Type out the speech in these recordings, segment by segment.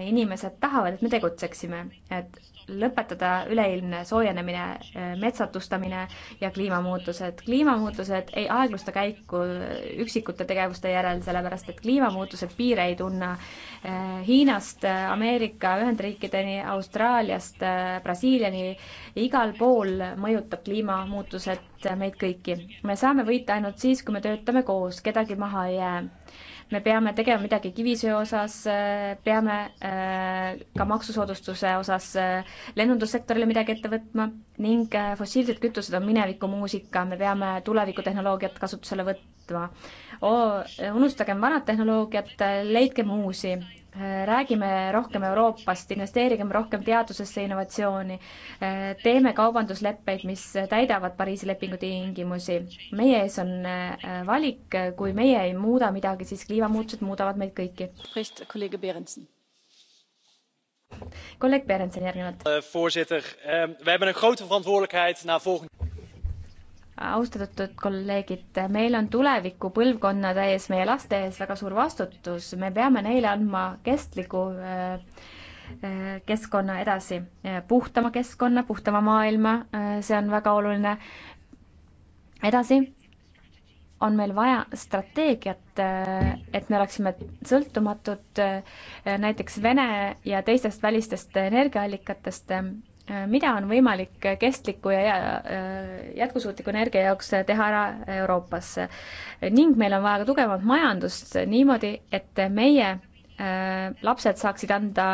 inimesed tahavad, et me tegutseksime, et lõpetada üleilmne soojenemine, metsatustamine ja kliimamuutused. kliimamuutused ei aeglusta käiku üksikute tegevuste järel, sellepärast et kliimamuutused piire ei tunne. Hiinast Ameerika Ühendriikideni, Austraaliast Brasiiliani, igal pool mõjutab kliimamuutused meid kõiki. me saame võita ainult siis, kui me töötame koos, kedagi maha ei jää me peame tegema midagi kivisöe osas, peame äh, ka maksusoodustuse osas äh, lennundussektorile midagi ette võtma ning äh, fossiilsed kütused on minevikumuusika, me peame tulevikutehnoloogiat kasutusele võtma. unustagem vanad tehnoloogiad, leidkem uusi Äh, räägime rohkem Euroopast, investeerigem rohkem teadusesse, innovatsiooni, äh, teeme kaubandusleppeid, mis täidavad Pariisi lepingu tingimusi. meie ees on äh, valik, kui meie ei muuda midagi, siis kliimamuutused muudavad meid kõiki. kolleeg Berendsen järgnevalt austatud kolleegid, meil on tuleviku põlvkonnade ees, meie laste ees väga suur vastutus, me peame neile andma kestliku äh, äh, keskkonna edasi, puhtama keskkonna, puhtama maailma, äh, see on väga oluline. edasi on meil vaja strateegiat, et me oleksime sõltumatud näiteks Vene ja teistest välistest energiaallikatest Äh, mida on võimalik kestliku ja äh, jätkusuutliku energia jaoks teha ära Euroopas. ning meil on vaja ka tugevamat majandust niimoodi, et meie äh, lapsed saaksid anda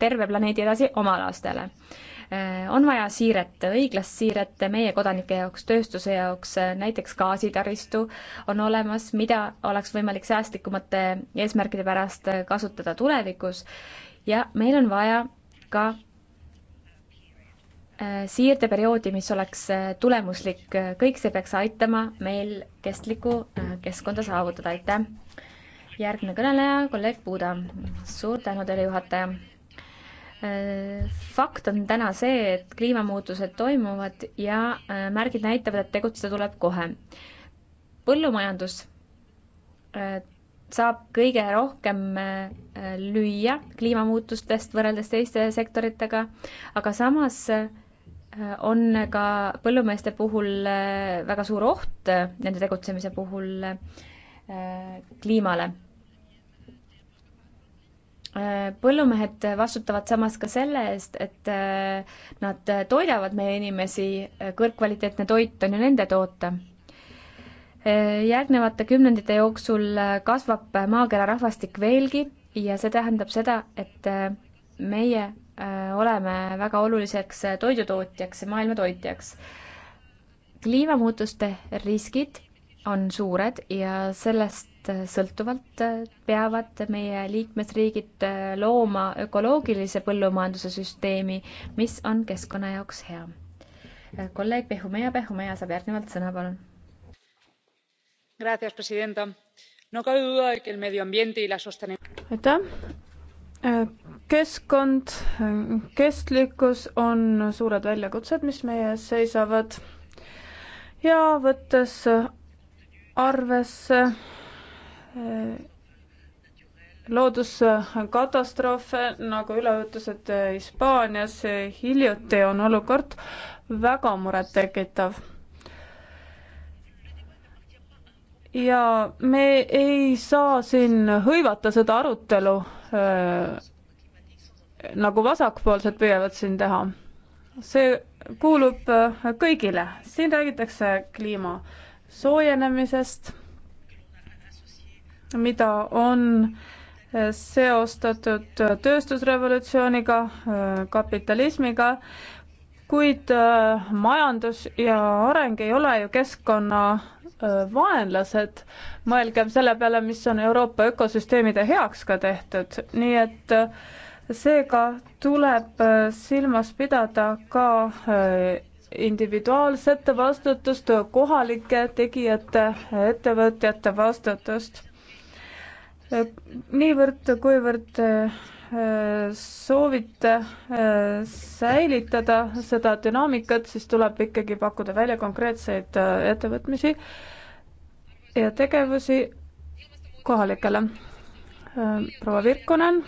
terve planeedi edasi oma lastele. on vaja siiret, õiglast siiret meie kodanike jaoks, tööstuse jaoks, näiteks gaasitaristu on olemas, mida oleks võimalik säästlikumate eesmärkide pärast kasutada tulevikus ja meil on vaja ka Äh, siirdeperioodi, mis oleks äh, tulemuslik, äh, kõik see peaks aitama meil kestlikku keskkonda saavutada, aitäh! järgmine kõneleja, kolleeg Puuda. suur tänu teile, juhataja! fakt on täna see, et kliimamuutused toimuvad ja märgid näitavad, et tegutseda tuleb kohe. põllumajandus saab kõige rohkem lüüa kliimamuutustest võrreldes teiste sektoritega, aga samas on ka põllumeeste puhul äh, väga suur oht äh, nende tegutsemise puhul äh, kliimale. põllumehed vastutavad samas ka selle eest, et nad toidavad meie inimesi, kõrgkvaliteetne toit on ju nende toota. järgnevate kümnendite jooksul kasvab maakera rahvastik veelgi ja see tähendab seda, et meie Äh, oleme väga oluliseks äh, toidutootjaks ja maailma toitjaks. kliimamuutuste riskid on suured ja sellest äh, sõltuvalt peavad meie liikmesriigid looma ökoloogilise põllumajanduse süsteemi, mis on keskkonna jaoks hea. kolleeg Pehumeja, Pehumeja saab järgnevalt sõna, palun. aitäh, keskkond, kestlikkus on suured väljakutsed, mis meie ees seisavad ja võttes arvesse eh, looduskatastroofe nagu üleujutused Hispaanias hiljuti on olukord väga murettekitav. ja me ei saa siin hõivata seda arutelu Äh, nagu vasakpoolsed püüavad siin teha. see kuulub äh, kõigile, siin räägitakse kliima soojenemisest, mida on äh, seostatud tööstusrevolutsiooniga, kapitalismiga kuid äh, majandus ja areng ei ole ju keskkonna äh, vaenlased, mõelgem selle peale, mis on Euroopa ökosüsteemide heaks ka tehtud, nii et äh, seega tuleb silmas pidada ka individuaalset vastutust, kohalike tegijate, ettevõtjate vastutust. niivõrd, kuivõrd Äh, soovite äh, säilitada seda dünaamikat, siis tuleb ikkagi pakkuda välja konkreetseid äh, ettevõtmisi ja tegevusi kohalikele. proua Virkonen,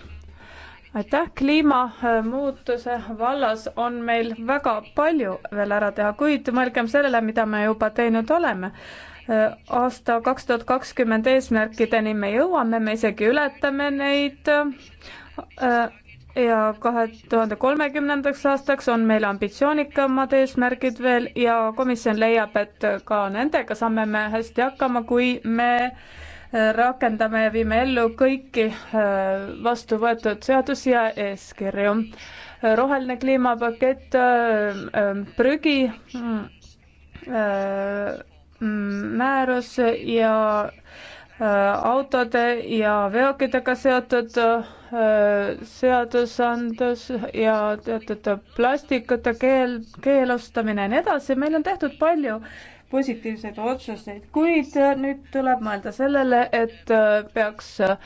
aitäh, kliimamuutuse vallas on meil väga palju veel ära teha, kuid mõelgem sellele, mida me juba teinud oleme aasta kaks tuhat kakskümmend eesmärkideni me jõuame, me isegi ületame neid, Äh, ja kahe tuhande kolmekümnendaks aastaks on meil ambitsioonikamad eesmärgid veel ja komisjon leiab, et ka nendega saame me hästi hakkama, kui me äh, rakendame ja viime ellu kõiki äh, vastu võetud seadusi ja eeskirju. roheline kliimapakett, prügi mm, määrus ja Äh, autode ja veokitega seotud äh, seadusandlus ja teatud plastikute keel, keelustamine ja nii edasi, meil on tehtud palju positiivseid otsuseid, kuid äh, nüüd tuleb mõelda sellele, et äh, peaks äh,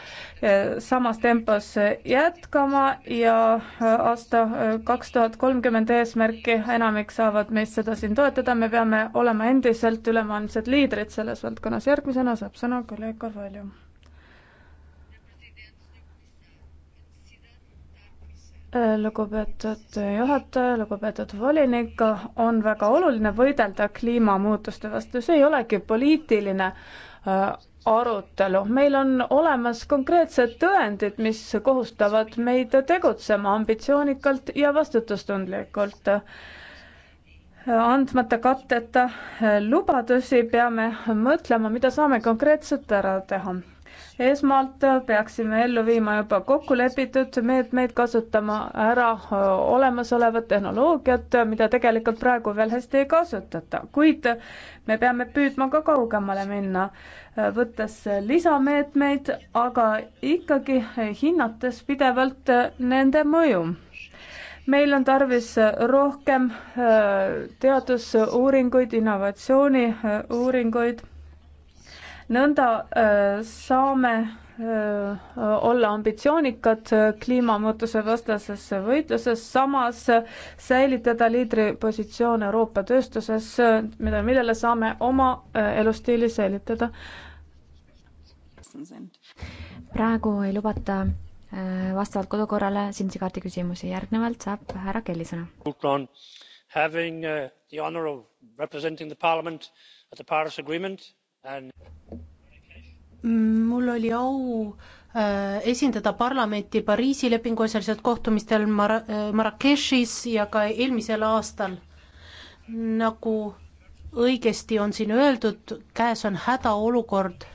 samas tempos jätkama ja aasta kaks tuhat kolmkümmend eesmärki, enamik saavad meist seda siin toetada, me peame olema endiselt ülemaailmsed liidrid selles valdkonnas. järgmisena saab sõna kolleeg Carvalho lugupeetud juhataja, lugupeetud volinik, on väga oluline võidelda kliimamuutuste vastu, see ei olegi poliitiline äh, arutelu, meil on olemas konkreetsed tõendid, mis kohustavad meid tegutsema ambitsioonikalt ja vastutustundlikult. andmata katteta lubadusi peame mõtlema, mida saame konkreetselt ära teha esmalt peaksime ellu viima juba kokku lepitud meetmeid, kasutama ära olemasolevat tehnoloogiat, mida tegelikult praegu veel hästi ei kasutata, kuid me peame püüdma ka kaugemale minna, võttes lisameetmeid, aga ikkagi hinnates pidevalt nende mõju meil on tarvis rohkem teadusuuringuid, innovatsiooniuuringuid nõnda äh, saame äh, olla ambitsioonikad äh, kliimamuutuse vastases võitluses, samas säilitada liidripositsioon Euroopa tööstuses, mida, millele saame oma elustiili säilitada. praegu ei lubata vastavalt kodukorrale sinise kaardi küsimusi, järgnevalt saab härra Kelly sõna. Having uh, the honour of representing the parliament at the Paris Agreement mul oli au äh, esindada parlamenti Pariisi lepingu asjaliselt kohtumistel Mar-, äh, Marrakechis ja ka eelmisel aastal. nagu õigesti on siin öeldud, käes on hädaolukord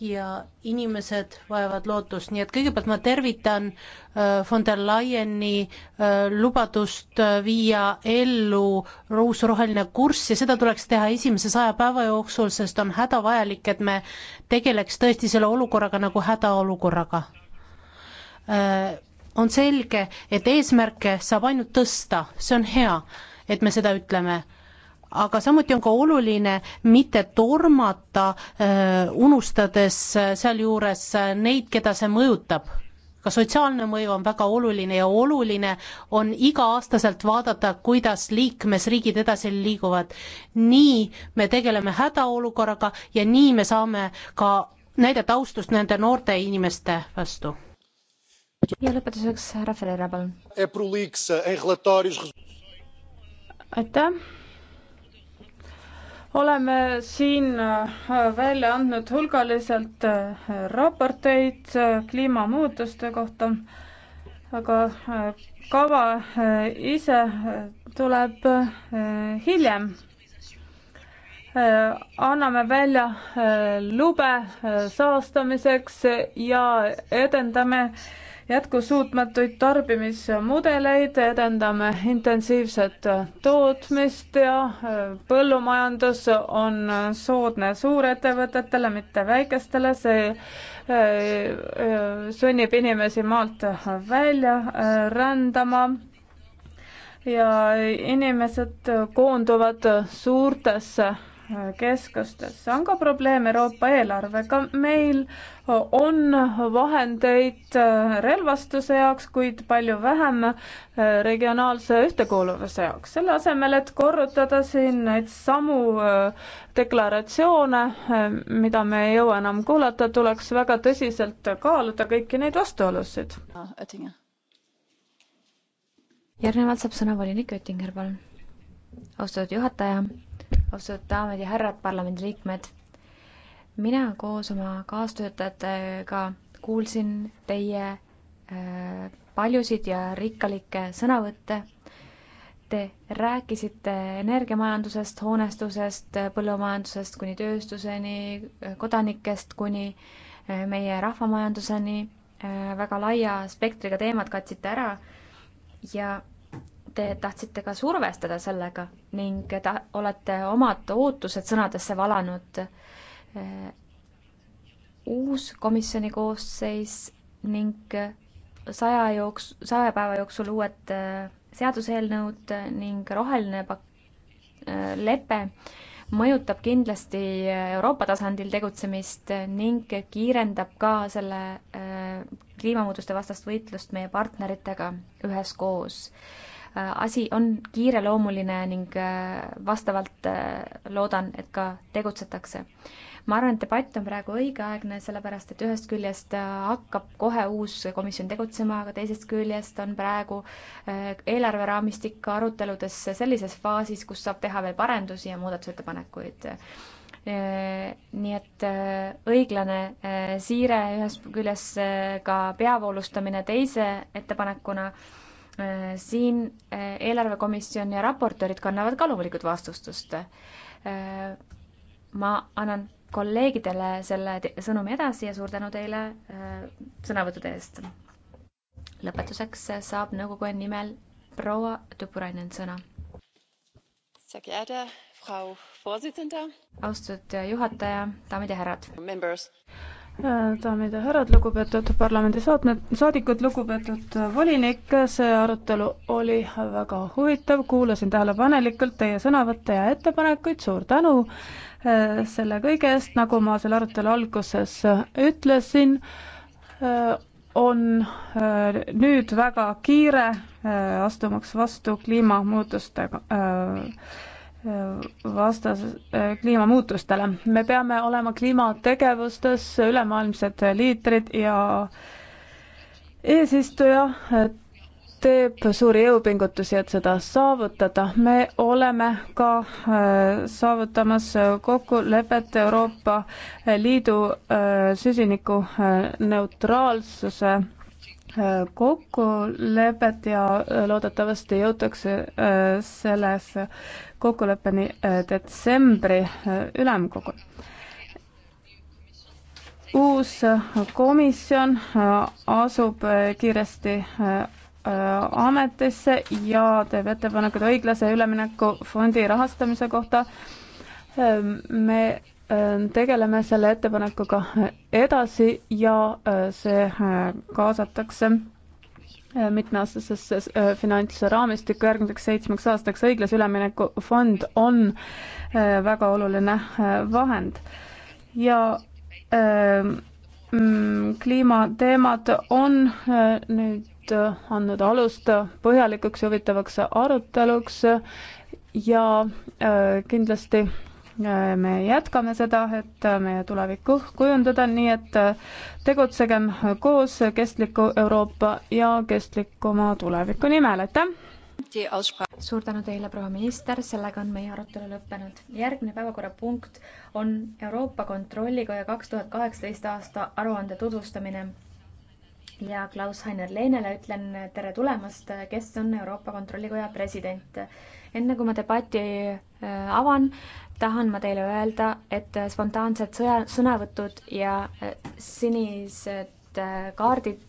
ja inimesed vajavad lootust, nii et kõigepealt ma tervitan äh, von der Leyeni äh, lubadust äh, viia ellu uus roheline kurss ja seda tuleks teha esimese saja päeva jooksul, sest on hädavajalik, et me tegeleks tõesti selle olukorraga nagu hädaolukorraga. on selge, et eesmärke saab ainult tõsta, see on hea, et me seda ütleme aga samuti on ka oluline mitte tormata, unustades sealjuures neid, keda see mõjutab ka sotsiaalne mõju on väga oluline ja oluline on iga-aastaselt vaadata, kuidas liikmesriigid edasi liiguvad. nii me tegeleme hädaolukorraga ja nii me saame ka näidata austust nende noorte inimeste vastu. ja lõpetuseks härra Ferreira, palun. Eh, aitäh oleme siin äh, välja andnud hulgaliselt äh, raporteid äh, kliimamuutuste kohta, aga kava ise tuleb hiljem. anname välja lube saastamiseks ja edendame jätkusuutmatuid tarbimismudeleid, edendame intensiivset tootmist ja äh, põllumajandus on soodne suurettevõtetele, mitte väikestele, see äh, äh, sunnib inimesi maalt välja rändama ja inimesed koonduvad suurtesse keskustes on ka probleem Euroopa eelarvega. meil on vahendeid äh, relvastuse jaoks, kuid palju vähem äh, regionaalse ühtekuuluvuse jaoks. selle asemel, et korrutada siin neid samu äh, deklaratsioone, mida me ei jõua enam kuulata, tuleks väga tõsiselt kaaluda kõiki neid vastuolusid. Ah, järgnevalt saab sõna volinik Oettinger, palun. austatud juhataja austatud daamid ja härrad, parlamendiliikmed. mina koos oma kaastöötajatega kuulsin teie äh, paljusid ja rikkalikke sõnavõtte. Te rääkisite energiamajandusest, hoonestusest, põllumajandusest kuni tööstuseni, kodanikest kuni äh, meie rahvamajanduseni, äh, väga laia spektriga teemad katsite ära ja Te tahtsite ka survestada sellega ning ta-, olete omad ootused sõnadesse valanud. Äh, uus komisjoni koosseis ning saja jooks-, saja päeva jooksul uued äh, seaduseelnõud ning roheline pak-, äh, lepe mõjutab kindlasti Euroopa tasandil tegutsemist ning kiirendab ka selle kliimamuutuste vastast võitlust meie partneritega üheskoos. Äh, asi on kiireloomuline ning äh, vastavalt äh, loodan, et ka tegutsetakse. ma arvan, et debatt on praegu õigeaegne, sellepärast et ühest küljest hakkab kohe uus komisjon tegutsema, aga teisest küljest on praegu eelarveraamistik aruteludes sellises faasis, kus saab teha veel parendusi ja muudatusettepanekuid nii et õiglane siire ühest küljest ka peavoolustamine teise ettepanekuna Äh, siin äh, eelarvekomisjon ja raportöörid kannavad ka loomulikult vastustust. Äh, ma annan kolleegidele selle sõnumi edasi ja suur tänu teile sõnavõttude eest. lõpetuseks saab nõukogu nimel proua Tupurainen sõna. austatud juhataja, daamid ja härrad daamid ja härrad, lugupeetud parlamendisaatmed, saadikud, lugupeetud volinik, see arutelu oli väga huvitav, kuulasin tähelepanelikult teie sõnavõtte ja ettepanekuid, suur tänu eh, selle kõige eest, nagu ma selle arutelu alguses ütlesin, eh, on eh, nüüd väga kiire astumaks vastu kliimamuutustega vastas äh, kliimamuutustele. me peame olema kliimategevustes ülemaailmsed liitrid ja eesistuja äh, teeb suuri jõupingutusi, et seda saavutada. me oleme ka äh, saavutamas kokkulepet Euroopa Liidu süsinikuneutraalsuse kokkulepet ja loodetavasti jõutakse selles kokkuleppeni äh, detsembri äh, ülemkogul. uus äh, komisjon asub kiiresti ametisse ja teeb ettepanekud õiglase ülemineku fondi rahastamise kohta. Ähm, me ähm, tegeleme selle ettepanekuga edasi ja see kaasatakse mitmeaastasesse äh, finantsraamistikku järgmiseks seitsmeks aastaks. õiglase ülemineku fond on äh, väga oluline äh, vahend ja ähm, mm, kliimateemad on nüüd andnud alust põhjalikuks ja huvitavaks aruteluks ja kindlasti me jätkame seda, et meie tulevikku kujundada, nii et tegutsegem koos kestliku Euroopa ja kestlikuma tuleviku nimel, aitäh! suur tänu teile, proua minister, sellega on meie arutelu lõppenud. järgmine päevakorrapunkt on Euroopa Kontrollikoja kaks tuhat kaheksateist aasta aruande tutvustamine. ja Klaus-Heiner Leenele ütlen tere tulemast, kes on Euroopa Kontrollikoja president enne kui ma debati äh, avan, tahan ma teile öelda, et äh, spontaansed sõja, sõnavõtud ja äh, sinised kaardid,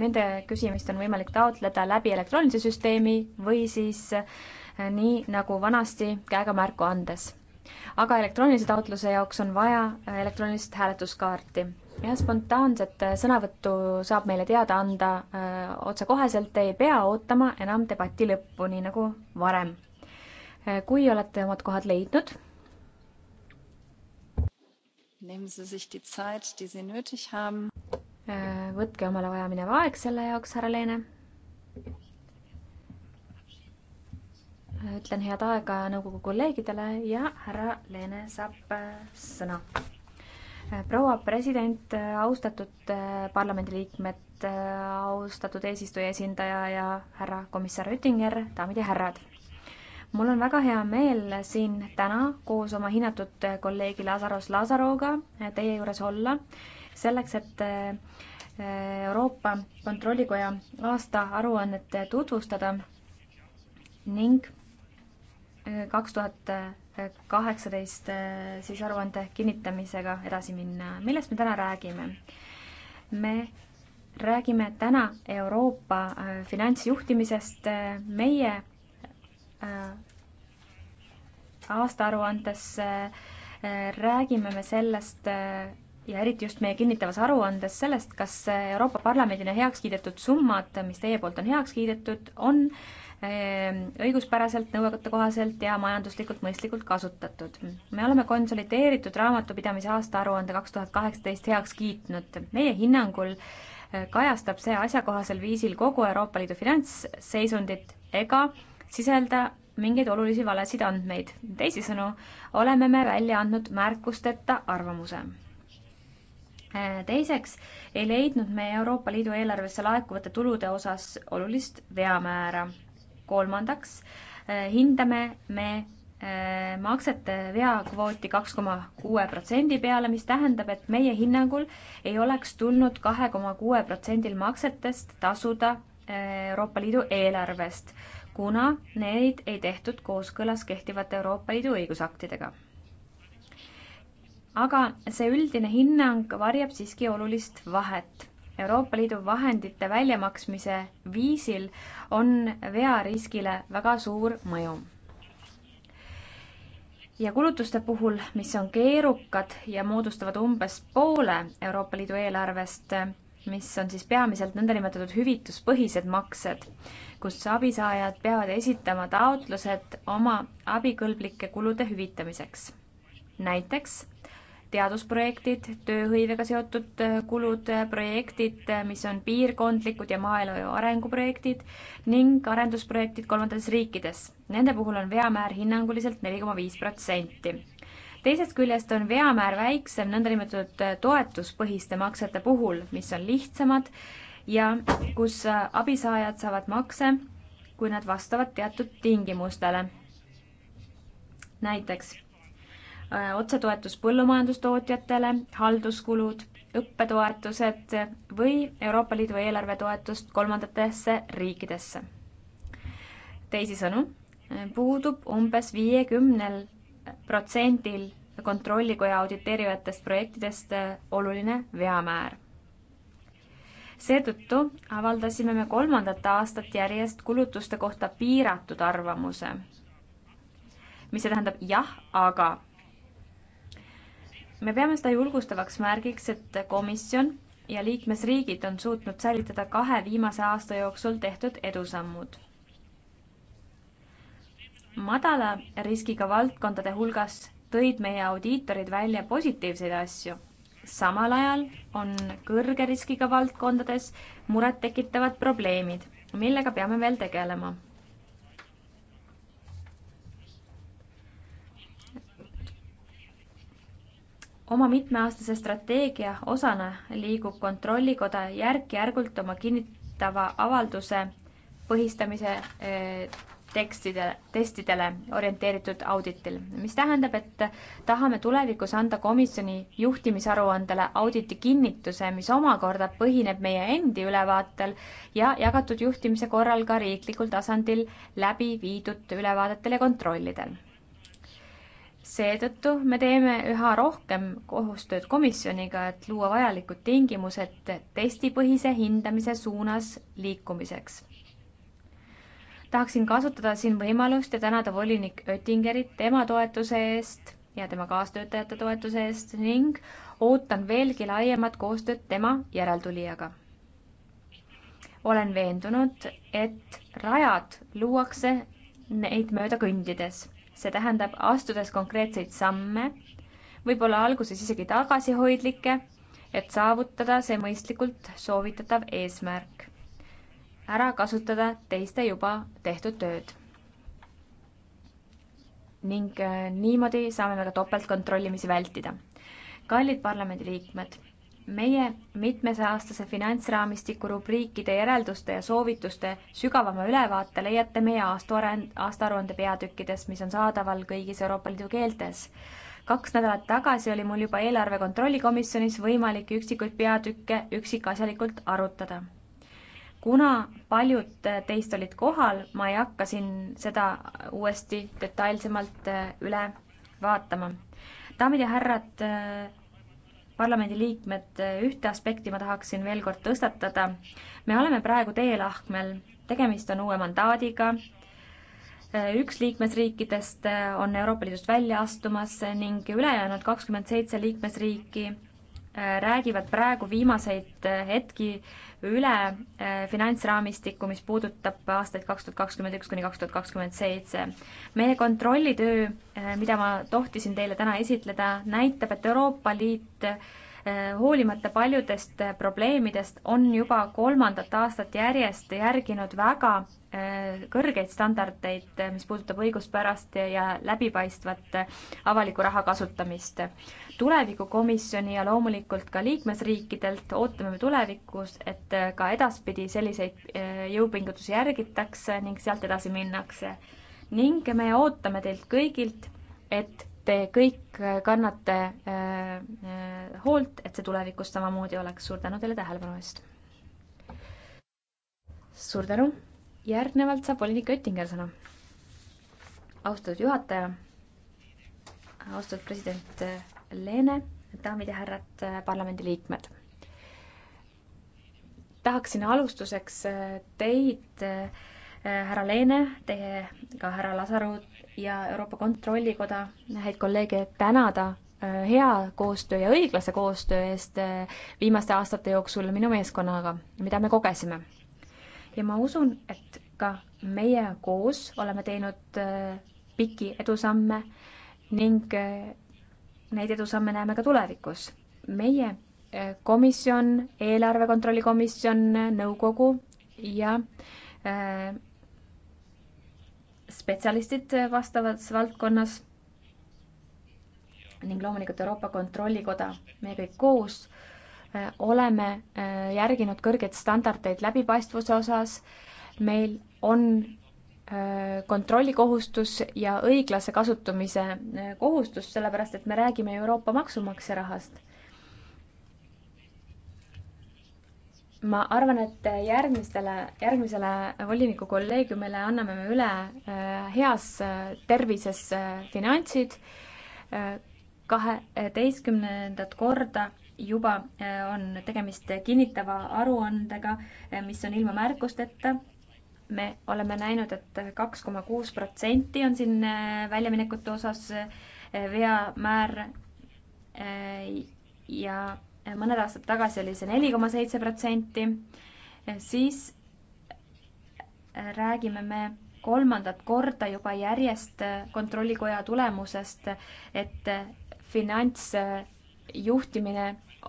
nende küsimist on võimalik taotleda läbi elektroonilise süsteemi või siis nii nagu vanasti käega märku andes. aga elektroonilise taotluse jaoks on vaja elektroonilist hääletuskaarti ja spontaanset sõnavõttu saab meile teada anda öö, otsekoheselt, ei pea ootama enam debati lõppu, nii nagu varem Eh, kui olete omad kohad leidnud, eh, võtke omale vajaminev aeg selle jaoks, härra Leene. Eh, ütlen head aega nõukogu kolleegidele ja härra Leene saab sõna. proua president, austatud parlamendiliikmed, austatud eesistuja esindaja ja härra komissar Oettinger, daamid ja härrad mul on väga hea meel siin täna koos oma hinnatud kolleegi Lazaros Lazaroga äh, teie juures olla, selleks et äh, Euroopa Kontrollikoja aastaaruannet tutvustada ning äh, kaks tuhat kaheksateist siis aruande kinnitamisega edasi minna. millest me täna räägime? me räägime täna Euroopa finantsjuhtimisest, meie Äh, aastaaruandesse äh, räägime me sellest äh, ja eriti just meie kinnitavas aruandes sellest, kas Euroopa Parlamendina heaks kiidetud summad, mis teie poolt on heaks kiidetud, on ähm, õiguspäraselt, nõuete kohaselt ja majanduslikult mõistlikult kasutatud. me oleme konsolideeritud raamatupidamise aastaaruande kaks tuhat kaheksateist heaks kiitnud. meie hinnangul kajastab see asjakohasel viisil kogu Euroopa Liidu finantsseisundit ega äh, sisalda mingeid olulisi valesid andmeid. teisisõnu, oleme me välja andnud märkusteta arvamuse. Äh, teiseks, ei leidnud me Euroopa Liidu eelarvesse laekuvate tulude osas olulist veamäära. kolmandaks, äh, hindame me äh, maksete veakvooti kaks koma kuue protsendi peale, mis tähendab, et meie hinnangul ei oleks tulnud kahe koma kuue protsendil maksetest tasuda Euroopa Liidu eelarvest kuna neid ei tehtud kooskõlas kehtivate Euroopa Liidu õigusaktidega. aga see üldine hinnang varjab siiski olulist vahet. Euroopa Liidu vahendite väljamaksmise viisil on veariskile väga suur mõju ja kulutuste puhul, mis on keerukad ja moodustavad umbes poole Euroopa Liidu eelarvest, mis on siis peamiselt nõndanimetatud hüvituspõhised maksed, kus abisaajad peavad esitama taotlused oma abikõlblike kulude hüvitamiseks. näiteks teadusprojektid, tööhõivega seotud äh, kulud, äh, projektid, äh, mis on piirkondlikud ja maaelu arenguprojektid ning arendusprojektid kolmandates riikides. Nende puhul on veamäär hinnanguliselt neli koma viis protsenti teisest küljest on veamäär väiksem nõndanimetatud toetuspõhiste maksete puhul, mis on lihtsamad ja kus abisaajad saavad makse, kui nad vastavad teatud tingimustele. näiteks äh, otsetoetus põllumajandustootjatele, halduskulud, õppetoetused või Euroopa Liidu eelarve toetust kolmandatesse riikidesse. teisisõnu, äh, puudub umbes viiekümnel protsendil kontrollikoja auditeerivatest projektidest äh, oluline veamäär. seetõttu avaldasime me kolmandat aastat järjest kulutuste kohta piiratud arvamuse. mis see tähendab, jah, aga me peame seda julgustavaks märgiks, et komisjon ja liikmesriigid on suutnud säilitada kahe viimase aasta jooksul tehtud edusammud madala riskiga valdkondade hulgas tõid meie audiitorid välja positiivseid asju. samal ajal on kõrge riskiga valdkondades murettekitavad probleemid, millega peame veel tegelema. oma mitmeaastase strateegia osana liigub Kontrollikoda järk-järgult oma kinnitava avalduse põhistamise eh, tekstidele, testidele orienteeritud auditil, mis tähendab, et tahame tulevikus anda komisjoni juhtimisaruandele auditi kinnituse, mis omakorda põhineb meie endi ülevaatel ja jagatud juhtimise korral ka riiklikul tasandil läbi viidud ülevaadetel ja kontrollidel. seetõttu me teeme üha rohkem koostööd komisjoniga, et luua vajalikud tingimused testipõhise hindamise suunas liikumiseks tahaksin kasutada siin võimalust ja tänada volinik Oettingerit tema toetuse eest ja tema kaastöötajate toetuse eest ning ootan veelgi laiemat koostööd tema järeltulijaga. olen veendunud, et rajad luuakse neid mööda kõndides, see tähendab astudes konkreetseid samme, võib-olla alguses isegi tagasihoidlikke, et saavutada see mõistlikult soovitatav eesmärk ära kasutada teiste juba tehtud tööd. ning äh, niimoodi saame me ka topeltkontrollimisi vältida. kallid parlamendiliikmed, meie mitmesaastase finantsraamistiku rubriikide järelduste ja soovituste sügavama ülevaate leiate meie aastaarend-, aastaaruande peatükkides, mis on saadaval kõigis Euroopa Liidu keeltes kaks nädalat tagasi oli mul juba eelarve kontrolli komisjonis võimalik üksikuid peatükke üksikasjalikult arutada kuna paljud teist olid kohal, ma ei hakka siin seda uuesti detailsemalt äh, üle vaatama. daamid ja härrad, äh, parlamendiliikmed, äh, ühte aspekti ma tahaksin veel kord tõstatada. me oleme praegu teelahkmel, tegemist on uue mandaadiga, üks liikmesriikidest on Euroopa Liidust välja astumas ning ülejäänud kakskümmend seitse liikmesriiki räägivad praegu viimaseid hetki üle äh, finantsraamistikku, mis puudutab aastaid kaks tuhat kakskümmend üks kuni kaks tuhat kakskümmend seitse. meie kontrollitöö, äh, mida ma tohtisin teile täna esitleda, näitab, et Euroopa Liit Eh, hoolimata paljudest eh, probleemidest on juba kolmandat aastat järjest järginud väga eh, kõrgeid standardeid, mis puudutab õiguspärast ja läbipaistvat avaliku raha kasutamist. tulevikukomisjoni ja loomulikult ka liikmesriikidelt ootame me tulevikus, et ka edaspidi selliseid jõupingutusi järgitakse ning sealt edasi minnakse. ning me ootame teilt kõigilt, et te kõik kannate äh, äh, hoolt, et see tulevikus samamoodi oleks. suur tänu teile tähelepanu eest. suur tänu. järgnevalt saab volinik Oettinger sõna. austatud juhataja, austatud president äh, Leene, daamid ja härrad, parlamendiliikmed tahaksin alustuseks teid, härra Leene, teie ka härra Lasarut ja Euroopa Kontrollikoda häid kolleege tänada äh, hea koostöö ja õiglase koostöö eest äh, viimaste aastate jooksul minu meeskonnaga, mida me kogesime. ja ma usun, et ka meie koos oleme teinud äh, pikki edusamme ning neid edusamme näeme ka tulevikus. meie komisjon, eelarve kontrolli komisjon, nõukogu ja spetsialistid äh, vastavas valdkonnas ning loomulikult Euroopa Kontrollikoda, me kõik koos äh, oleme äh, järginud kõrgeid standardeid läbipaistvuse osas, meil on kontrollikohustus ja õiglase kasutamise kohustus, sellepärast et me räägime Euroopa maksumaksja rahast. ma arvan, et järgmistele, järgmisele voliniku kolleegiumile anname me üle äh, heas äh, tervises äh, finantsid. kaheteistkümnendat korda juba on tegemist kinnitava aruandega, mis on ilma märkusteta. me oleme näinud et, et kaks koma kuus protsenti on siin väljaminekute osas veamäär ja mõned aastad tagasi oli see neli koma seitse protsenti, siis räägime me kolmandat korda juba järjest Kontrollikoja tulemusest, et finantsjuhtimine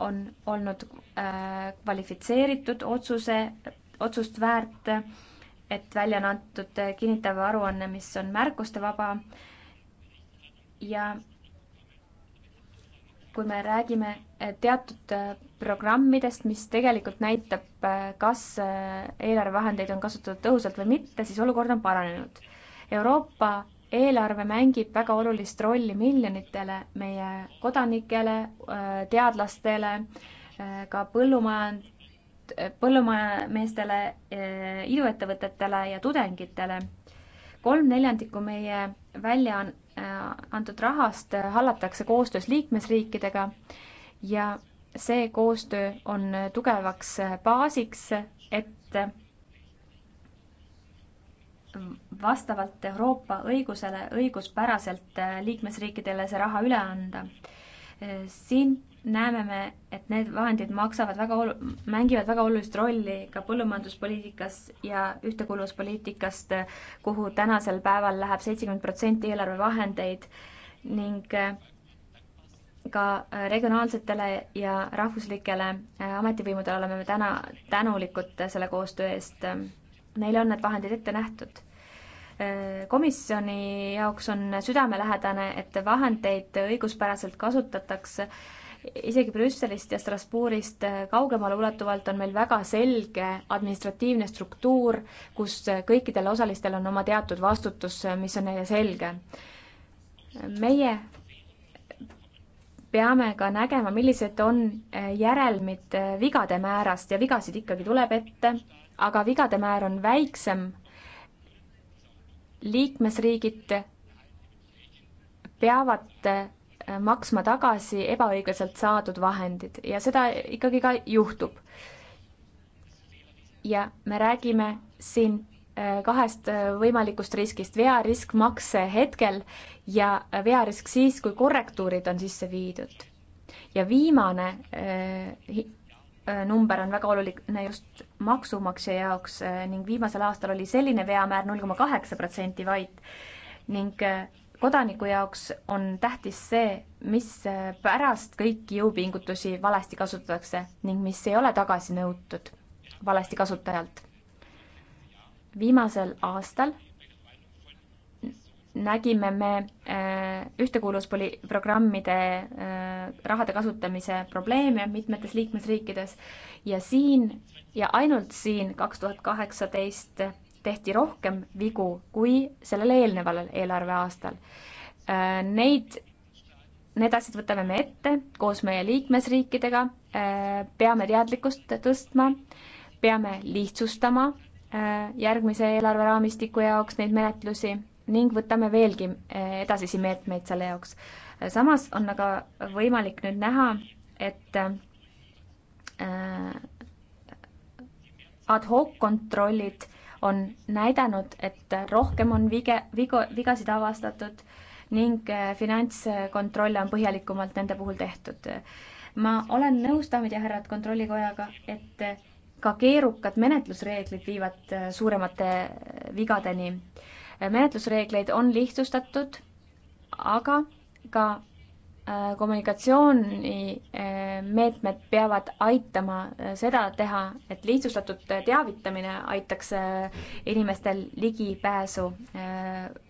on olnud äh, kvalifitseeritud otsuse, otsust väärt, et välja on antud kinnitav aruanne, mis on märkuste vaba ja kui me räägime eh, teatud eh, programmidest, mis tegelikult näitab, eh, kas eelarvevahendeid on kasutatud tõhusalt või mitte, siis olukord on paranenud. Euroopa eelarve mängib väga olulist rolli miljonitele meie kodanikele, teadlastele, ka põllumajand-, põllumajameestele, iduettevõtetele ja tudengitele. kolm neljandikku meie välja Äh, antud rahast äh, hallatakse koostöös liikmesriikidega ja see koostöö on äh, tugevaks baasiks, et vastavalt Euroopa õigusele õiguspäraselt liikmesriikidele see raha üle anda siin näeme me, et need vahendid maksavad väga olu-, mängivad väga olulist rolli ka põllumajanduspoliitikas ja ühtekuuluvuspoliitikast, kuhu tänasel päeval läheb seitsekümmend protsenti eelarvevahendeid ning äh, ka äh, regionaalsetele ja rahvuslikele äh, ametivõimudele oleme me täna tänulikud selle koostöö eest. Neile on need vahendid ette nähtud komisjoni jaoks on südamelähedane, et vahendeid õiguspäraselt kasutatakse isegi Brüsselist ja Strasbourgist kaugemale ulatuvalt on meil väga selge administratiivne struktuur, kus kõikidel osalistel on oma teatud vastutus, mis on neile selge. meie peame ka nägema, millised on järelmid vigade määrast ja vigasid ikkagi tuleb ette, aga vigade määr on väiksem liikmesriigid peavad äh, maksma tagasi ebaõiglaselt saadud vahendid ja seda ikkagi ka juhtub. ja me räägime siin äh, kahest äh, võimalikust riskist, vearisk makse hetkel ja vearisk siis, kui korrektuurid on sisse viidud. ja viimane Äh, number on väga oluline just maksumaksja jaoks äh, ning viimasel aastal oli selline veamäär null koma kaheksa protsenti vaid ning äh, kodaniku jaoks on tähtis see, mis pärast kõiki jõupingutusi valesti kasutatakse ning mis ei ole tagasi nõutud valesti kasutajalt. viimasel aastal nägime me äh, ühtekuuluvusprogrammide äh, rahade kasutamise probleeme mitmetes liikmesriikides ja siin ja ainult siin kaks tuhat kaheksateist tehti rohkem vigu kui sellele eelneval eelarveaastal. Äh, neid, need asjad võtame me ette koos meie liikmesriikidega, peame teadlikkust tõstma, peame lihtsustama järgmise eelarveraamistiku jaoks neid menetlusi ning võtame veelgi eh, edasisi meetmeid selle jaoks. Eh, samas on aga võimalik nüüd näha, et eh, ad hoc kontrollid on näidanud, et rohkem on vige, vigu, vigasid avastatud ning finantskontrolle on põhjalikumalt nende puhul tehtud. ma olen nõus, daamid ja härrad, Kontrollikojaga, et ka keerukad menetlusreeglid viivad suuremate vigadeni menetlusreegleid on lihtsustatud, aga ka äh, kommunikatsioonimeetmed äh, peavad aitama äh, seda teha, et lihtsustatud teavitamine aitaks inimestel ligipääsu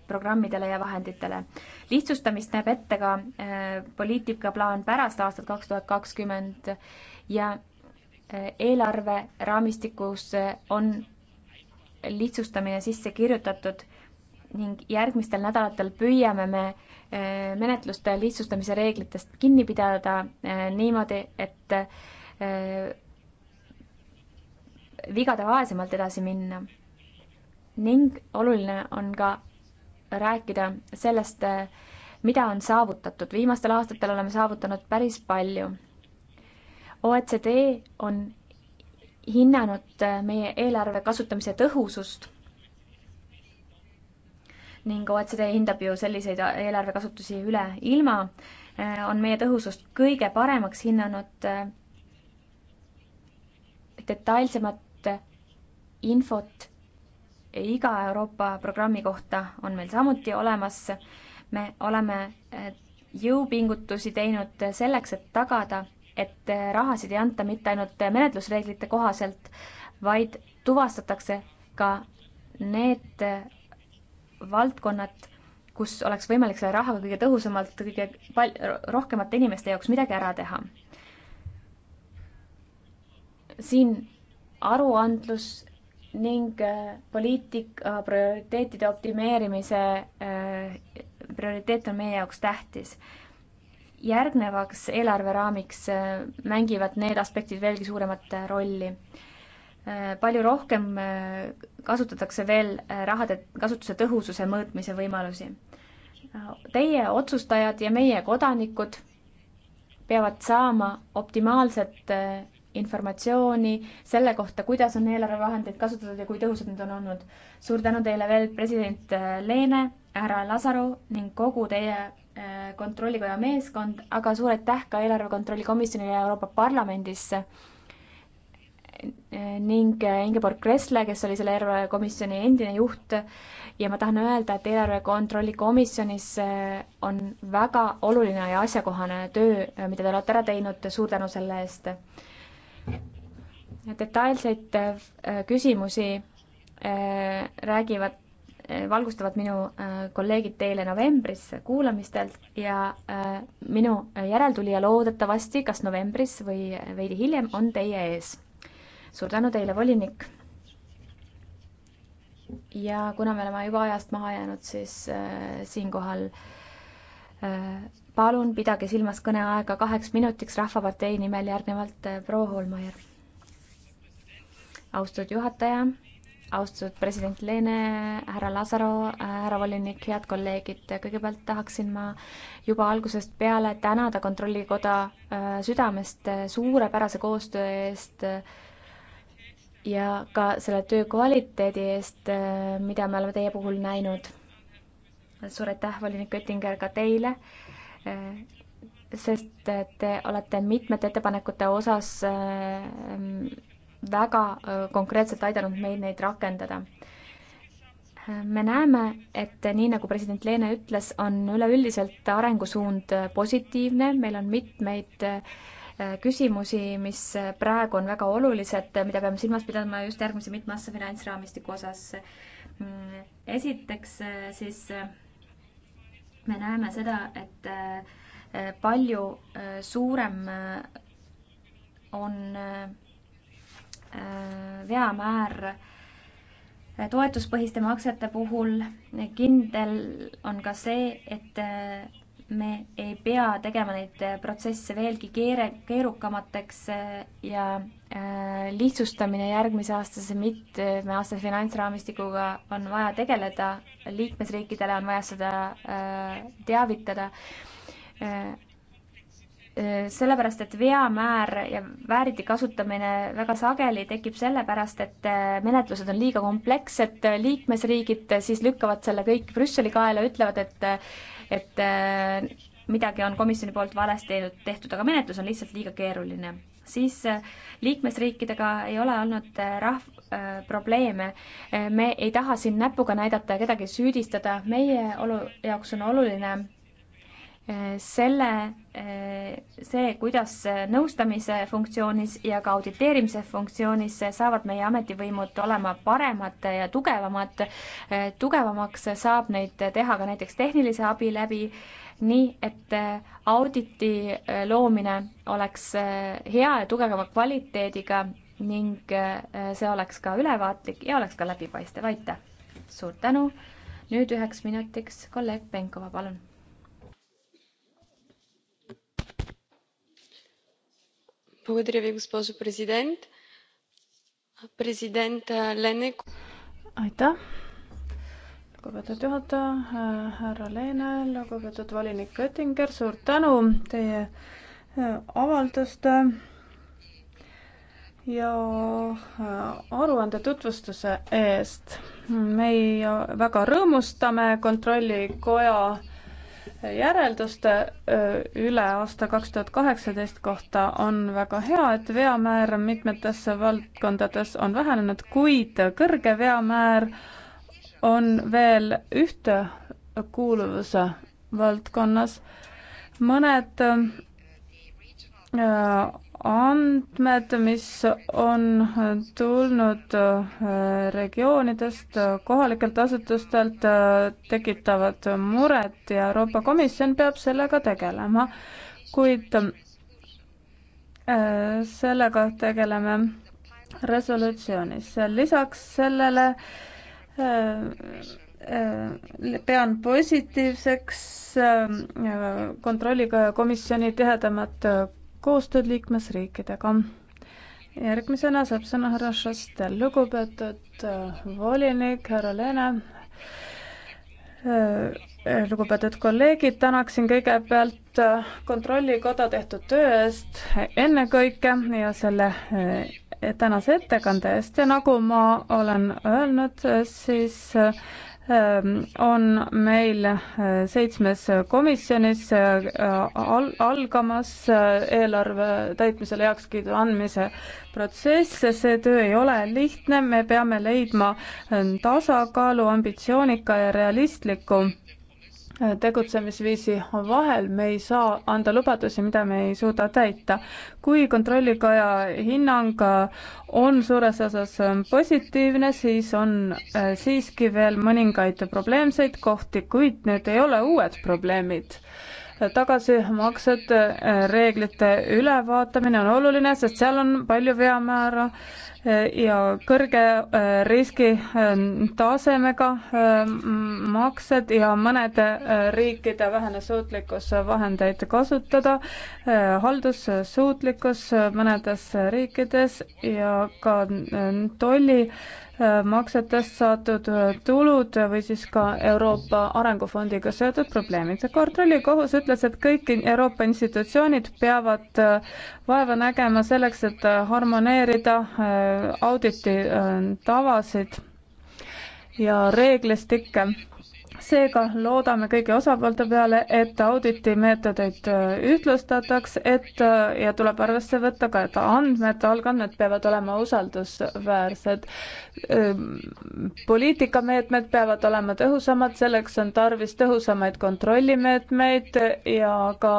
programmidele ja vahenditele. lihtsustamist näeb ette ka poliitikaplaan pärast aastat kaks tuhat kakskümmend ja eelarveraamistikus on lihtsustamine sisse kirjutatud ning järgmistel nädalatel püüame me eh, menetluste lihtsustamise reeglitest kinni pidada eh, niimoodi, et eh, vigade vaesemalt edasi minna. ning oluline on ka rääkida sellest, mida on saavutatud. viimastel aastatel oleme saavutanud päris palju. OECD on hinnanud meie eelarve kasutamise tõhusust ning OECD hindab ju selliseid eelarvekasutusi üle ilma, eh, on meie tõhusust kõige paremaks hinnanud eh, detailsemat infot iga Euroopa programmi kohta on meil samuti olemas. me oleme eh, jõupingutusi teinud selleks, et tagada, et rahasid ei anta mitte ainult menetlusreeglite kohaselt, vaid tuvastatakse ka need valdkonnad, kus oleks võimalik selle rahaga kõige tõhusamalt, kõige pal-, rohkemate inimeste jaoks midagi ära teha. siin aruandlus ning äh, poliitika äh, prioriteetide optimeerimise äh, prioriteet on meie jaoks tähtis. järgnevaks eelarveraamiks mängivad need aspektid veelgi suuremat rolli Äh, palju rohkem äh, kasutatakse veel äh, rahade kasutuse tõhususe mõõtmise võimalusi. Teie otsustajad ja meie kodanikud peavad saama optimaalset informatsiooni selle kohta, kuidas on eelarvevahendeid kasutatud ja kui tõhusad need on olnud. suur tänu teile veel, president Leene, härra Lasaru ning kogu teie kontrollikoja meeskond, aga suur aitäh ka eelarve kontrolli komisjonile Euroopa Parlamendis ning Ingeborg Kressle, kes oli selle eelarvekomisjoni endine juht ja ma tahan öelda, et eelarve kontrolli komisjonis eh, on väga oluline ja asjakohane töö, eh, mida te olete ära teinud, suur tänu selle eest. detailseid eh, küsimusi räägivad valgustavad minu kolleegid teile novembris kuulamistel ja minu järeltulija loodetavasti kas novembris või veidi hiljem on teie ees suur tänu teile, volinik. ja kuna me oleme juba ajast maha jäänud, siis äh, siinkohal äh, palun pidage silmas kõneaega kaheks minutiks Rahvapartei nimel järgnevalt äh, proua Holmajärv. austatud juhataja, austatud president Leene, härra Lazaro, äh, härra volinik, head kolleegid, kõigepealt tahaksin ma juba algusest peale tänada Kontrollikoda äh, südamest suurepärase koostöö eest äh, ja ka selle töö kvaliteedi eest, äh, mida me oleme teie puhul näinud. suur aitäh, volinik Oettinger, ka teile, äh, sest te olete mitmete ettepanekute osas äh, väga konkreetselt aidanud meil neid rakendada me näeme, et nii nagu president Leene ütles, on üleüldiselt arengusuund positiivne, meil on mitmeid äh, Äh, küsimusi, mis äh, praegu on väga olulised, äh, mida peame silmas pidama just järgmise mitmeaastase finantsraamistiku osas. Mm, esiteks siis me näeme seda, et palju suurem on veamäär toetuspõhiste maksete puhul kindel on ka see, et me ei pea tegema neid äh, protsesse veelgi keere, keerukamateks äh, ja äh, lihtsustamine järgmise aastase mitmeaastase finantsraamistikuga on vaja tegeleda, liikmesriikidele on vaja seda teavitada. sellepärast, et veamäär ja vääriti kasutamine väga sageli tekib sellepärast, et menetlused on liiga komplekssed, liikmesriigid siis lükkavad selle kõik Brüsseli kaela, ütlevad, et et äh, midagi on komisjoni poolt valesti tehtud, aga menetlus on lihtsalt liiga keeruline. siis äh, liikmesriikidega ei ole olnud äh, rahv-, probleeme. me ei taha siin näpuga näidata ja kedagi süüdistada, meie olu-, jaoks on oluline selle, see, kuidas nõustamise funktsioonis ja ka auditeerimise funktsioonis saavad meie ametivõimud olema paremad ja tugevamad. tugevamaks saab neid teha ka näiteks tehnilise abi läbi, nii et auditi loomine oleks hea ja tugevama kvaliteediga ning see oleks ka ülevaatlik ja oleks ka läbipaistev, aitäh! suur tänu, nüüd üheks minutiks kolleeg Penkova, palun! госпожо президент. President Lennek. aitäh, lugupeetud juhataja, härra Leene, lugupeetud volinik Oettinger, suur tänu teie äh, avalduste ja äh, aruande tutvustuse eest. meie äh, väga rõõmustame Kontrollikoja järelduste üle aasta kaks tuhat kaheksateist kohta on väga hea, et veamäär mitmetes valdkondades on vähenenud, kuid kõrge veamäär on veel ühtekuuluvuse valdkonnas. mõned andmed, mis on tulnud äh, regioonidest, kohalikelt asutustelt, äh, tekitavad muret ja Euroopa Komisjon peab sellega tegelema, kuid äh, sellega tegeleme resolutsioonis. lisaks sellele pean positiivseks kontrolliga komisjoni tihedamat koostööd liikmesriikidega. järgmisena saab sõna härra Šostel, lugupeetud äh, volinik härra Lene. Äh, lugupeetud kolleegid, tänaksin kõigepealt äh, Kontrollikoda tehtud töö eest ennekõike ja selle tänase ettekande eest ja nagu ma olen öelnud, siis Ehm, on meil eh, seitsmes komisjonis eh, al-, algamas eh, eelarve täitmisele heakskiidu andmise protsess, see töö ei ole lihtne, me peame leidma tasakaalu ambitsioonika ja realistliku tegutsemisviisi vahel, me ei saa anda lubadusi, mida me ei suuda täita. kui Kontrollikoja hinnang on suures osas positiivne, siis on äh, siiski veel mõningaid probleemseid kohti, kuid need ei ole uued probleemid tagasimaksete äh, reeglite ülevaatamine on oluline, sest seal on palju veamäära äh, ja kõrge äh, riskitasemega maksed ja mõnede riikide vähene suutlikkus vahendeid kasutada, haldussuutlikkus mõnedes riikides ja ka tolli Äh, maksetest saadud äh, tulud või siis ka Euroopa Arengufondiga seotud probleemid. kontrollikohus ütles, et kõik Euroopa institutsioonid peavad äh, vaeva nägema selleks, et harmoneerida auditi tavasid ja reeglistikke seega loodame kõigi osapoolte peale, et auditi meetodeid äh, ühtlustataks, et äh, ja tuleb arvesse võtta ka, et andmed, algandmed peavad olema usaldusväärsed. Äh, poliitikameetmed peavad olema tõhusamad, selleks on tarvis tõhusamaid kontrollimeetmeid ja ka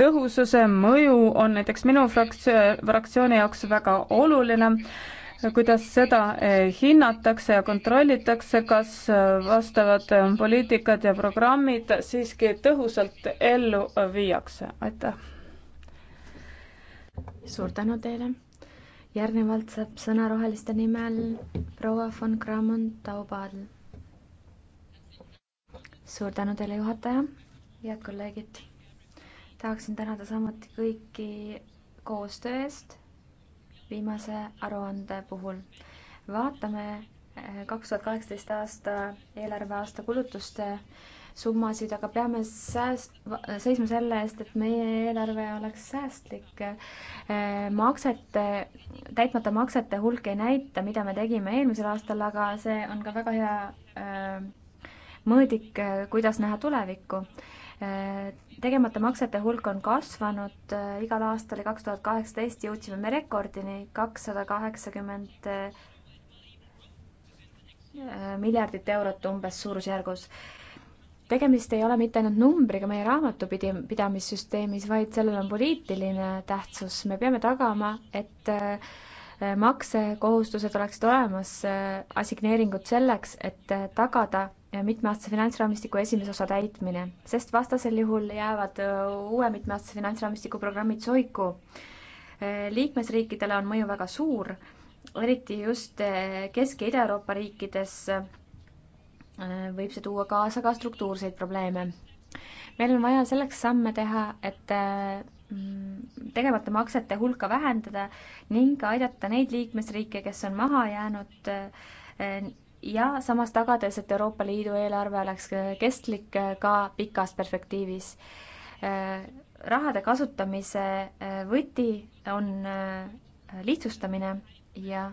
tõhususe mõju on näiteks minu fraktsioon, fraktsiooni jaoks väga oluline kuidas seda eh, hinnatakse ja kontrollitakse, kas eh, vastavad eh, poliitikad ja programmid siiski tõhusalt ellu viiakse, aitäh. suur tänu teile. järgnevalt saab sõna roheliste nimel proua von Krammon Taubal. suur tänu teile, juhataja, head kolleegid. tahaksin tänada samuti kõiki koostöö eest viimase aruande puhul. vaatame eh, kaks tuhat kaheksateist aasta eelarveaasta kulutuste summasid, aga peame sääst-, seisma selle eest, et meie eelarve oleks säästlik. Eh, maksete, täitmata maksete hulk ei näita, mida me tegime eelmisel aastal, aga see on ka väga hea eh, mõõdik, kuidas näha tulevikku tegemata maksete hulk on kasvanud, äh, igal aastal ja kaks tuhat kaheksateist jõudsime me rekordini kakssada kaheksakümmend äh, miljardit eurot umbes suurusjärgus. tegemist ei ole mitte ainult numbriga meie raamatupidamissüsteemis, vaid sellel on poliitiline tähtsus, me peame tagama, et äh, maksekohustused oleksid olemas, assigneeringud selleks, et tagada Äh, mitmeaastase finantsraamistiku esimese osa täitmine, sest vastasel juhul jäävad äh, uue mitmeaastase finantsraamistiku programmid soiku. Äh, liikmesriikidele on mõju väga suur, eriti just Kesk- ja Ida-Euroopa riikides võib see tuua kaasa ka struktuurseid probleeme. meil on vaja selleks samme teha, et mm, tegemata maksete hulka vähendada ning aidata neid liikmesriike, kes on maha jäänud ja samas tagades, et Euroopa Liidu eelarve oleks kestlik ka pikas perspektiivis. rahade kasutamise võti on lihtsustamine ja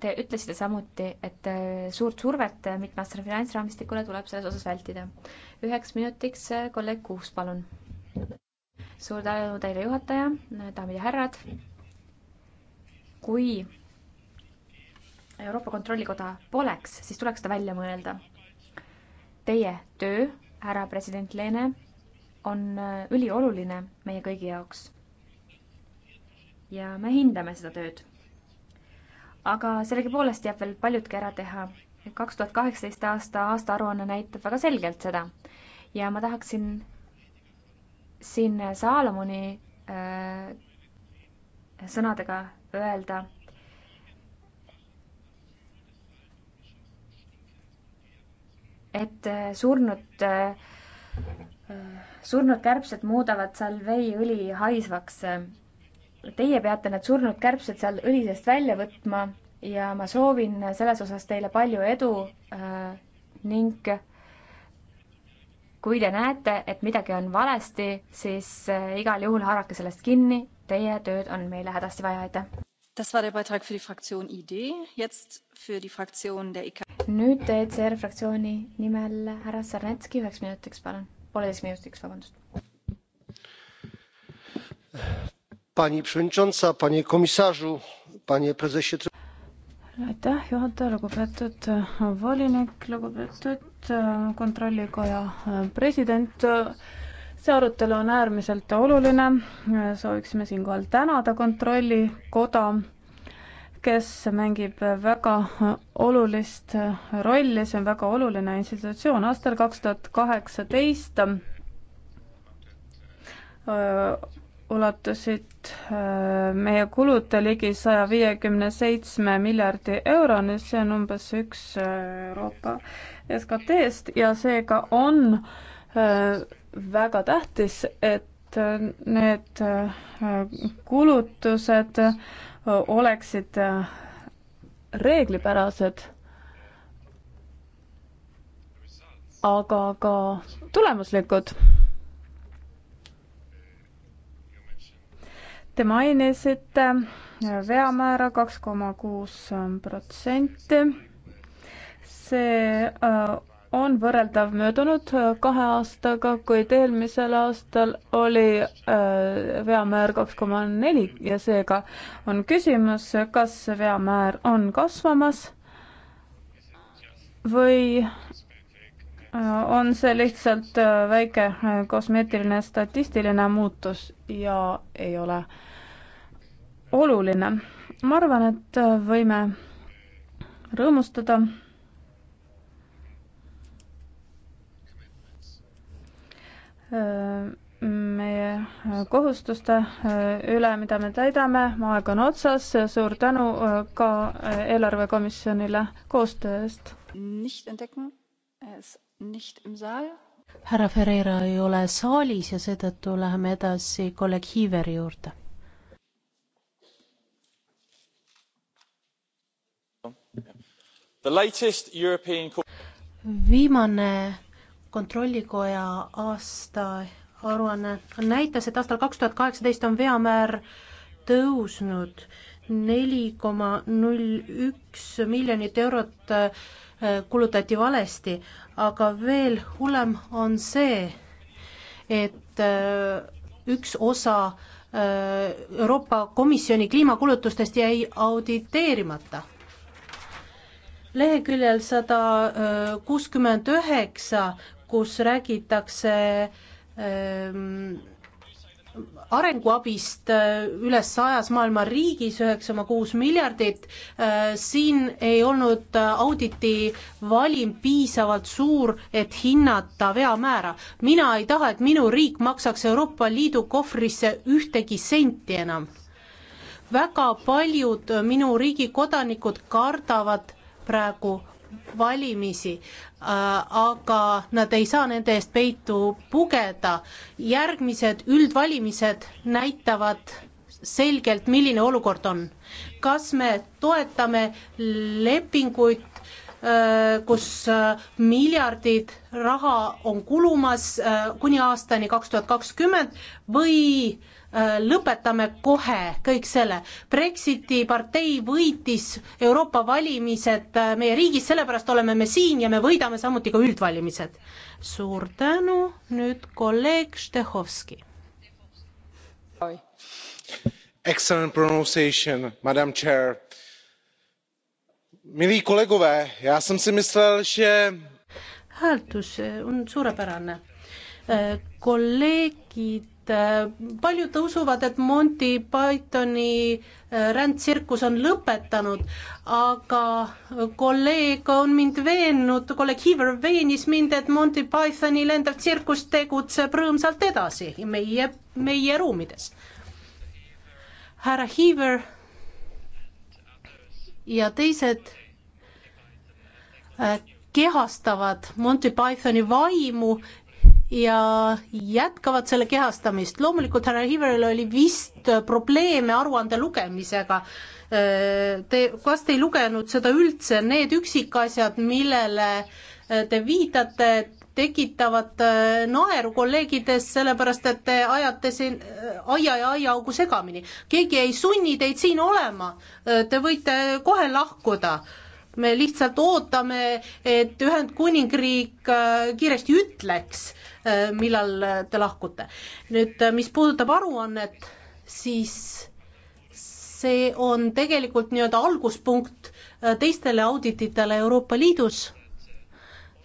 te ütlesite samuti, et suurt survet mitmeaastasele finantsraamistikule tuleb selles osas vältida. üheks minutiks kolleeg Kuus, palun. suur tänu teile, juhataja, daamid ja härrad. kui Euroopa Kontrollikoda poleks, siis tuleks ta välja mõelda. Teie töö, härra president Leene, on äh, ülioluline meie kõigi jaoks. ja me hindame seda tööd. aga sellegipoolest jääb veel paljutki ära teha. kaks tuhat kaheksateist aasta aastaaruanne näitab väga selgelt seda ja ma tahaksin siin Saalomoni äh, sõnadega öelda et surnud, äh, surnud äh, kärbsed muudavad salvei õli haisvaks. Teie peate need surnud kärbsed seal õli seest välja võtma ja ma soovin selles osas teile palju edu äh, ning kui te näete, et midagi on valesti, siis igal juhul haarake sellest kinni, teie tööd on meile hädasti vaja, aitäh! das war der beitrag für die fraktion id. jetzt für die fraktion der. E nüüd ECR fraktsiooni nimel härra Sarnetski üheks minutiks, palun, pooleteist minutiks, vabandust. Pani przewodnicząca, panie komisarzu, panie prezesie. aitäh, juhataja, lugupeetud äh, volinik, lugupeetud äh, kontrollikoja äh, president see arutelu on äärmiselt oluline, sooviksime siinkohal tänada Kontrollikoda kes mängib väga olulist rolli, see on väga oluline institutsioon. aastal kaks tuhat kaheksateist ulatusid meie kulud ligi saja viiekümne seitsme miljardi euroni, see on umbes üks Euroopa SKT-st ja seega on väga tähtis, et need kulutused oleksid äh, reeglipärased, aga ka tulemuslikud. Te mainisite äh, veamäära kaks koma kuus äh, protsenti. see on võrreldav möödunud äh, kahe aastaga, kuid eelmisel aastal oli äh, veamäär kaks koma neli ja seega on küsimus, kas veamäär on kasvamas või äh, on see lihtsalt väike kosmeetiline statistiline muutus ja ei ole oluline. ma arvan, et võime rõõmustada meie kohustuste äh, üle, mida me täidame, mu aeg on otsas, suur tänu äh, ka eelarvekomisjonile koostöö eest. härra Ferreira ei ole saalis ja seetõttu läheme edasi kolleeg Hiiveri juurde. viimane kontrollikoja aasta aruanne näitas, et aastal kaks tuhat kaheksateist on veamäär tõusnud neli koma null üks miljonit eurot äh, kulutati valesti, aga veel hullem on see, et äh, üks osa äh, Euroopa Komisjoni kliimakulutustest jäi auditeerimata. leheküljel sada kuuskümmend üheksa kus räägitakse ähm, arenguabist eh, üle sajas maailma riigis, üheksa koma kuus miljardit, eh, siin ei olnud eh, auditi valim piisavalt suur, et hinnata veamäära. mina ei taha, et minu riik maksaks Euroopa Liidu kohvrisse ühtegi senti enam. väga paljud minu riigi kodanikud kardavad praegu valimisi, äh, aga nad ei saa nende eest peitu pugeda. järgmised üldvalimised näitavad selgelt, milline olukord on. kas me toetame lepinguid Äh, kus äh, miljardid raha on kulumas äh, kuni aastani kaks tuhat kakskümmend või lõpetame kohe kõik selle. Brexiti partei võitis Euroopa valimised meie riigis, sellepärast oleme me siin ja me võidame samuti ka üldvalimised. suur tänu, nüüd kolleeg Štehovski. Excellent pronunciation, madam chair milí kolegové, já jsem si myslel, že... hääletus eh, on suurepärane. Eh, kolleegid, eh, paljud usuvad, et Monty Pythoni rändtsirkus on lõpetanud, aga kolleeg on mind veennud, kolleeg Hiver veenis mind, et Monty Pythoni lendav tsirkus tegutseb rõõmsalt edasi meie, meie ruumides. härra Hiver ja teised äh, kehastavad Monty Pythoni vaimu ja jätkavad selle kehastamist. loomulikult härra Hiveril oli vist äh, probleeme aruande lugemisega. Äh, te, kas te ei lugenud seda üldse, need üksikasjad, millele te viitate, tekitavad äh, naeru kolleegides, sellepärast et te ajate siin äh, aia ja aiaaugu segamini. keegi ei sunni teid siin olema, äh, te võite kohe lahkuda. me lihtsalt ootame, et Ühendkuningriik kiiresti ütleks, millal te lahkute. nüüd, mis puudutab aruannet, siis see on tegelikult nii-öelda alguspunkt teistele audititele Euroopa Liidus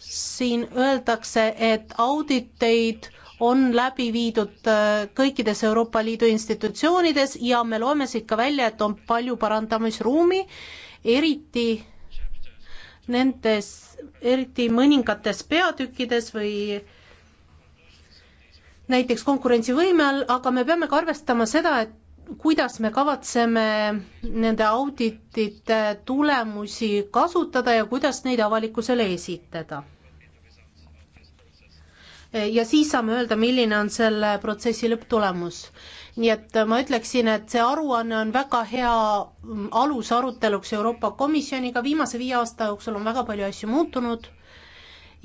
siin öeldakse, et auditeid on läbi viidud äh, kõikides Euroopa Liidu institutsioonides ja me loeme siit ka välja, et on palju parandamisruumi, eriti nendes, eriti mõningates peatükkides või näiteks konkurentsivõime all, aga me peame ka arvestama seda, et kuidas me kavatseme nende auditite tulemusi kasutada ja kuidas neid avalikkusele esitada? ja siis saame öelda, milline on selle protsessi lõpptulemus. nii et ma ütleksin, et see aruanne on väga hea alus aruteluks Euroopa Komisjoniga, viimase viie aasta jooksul on väga palju asju muutunud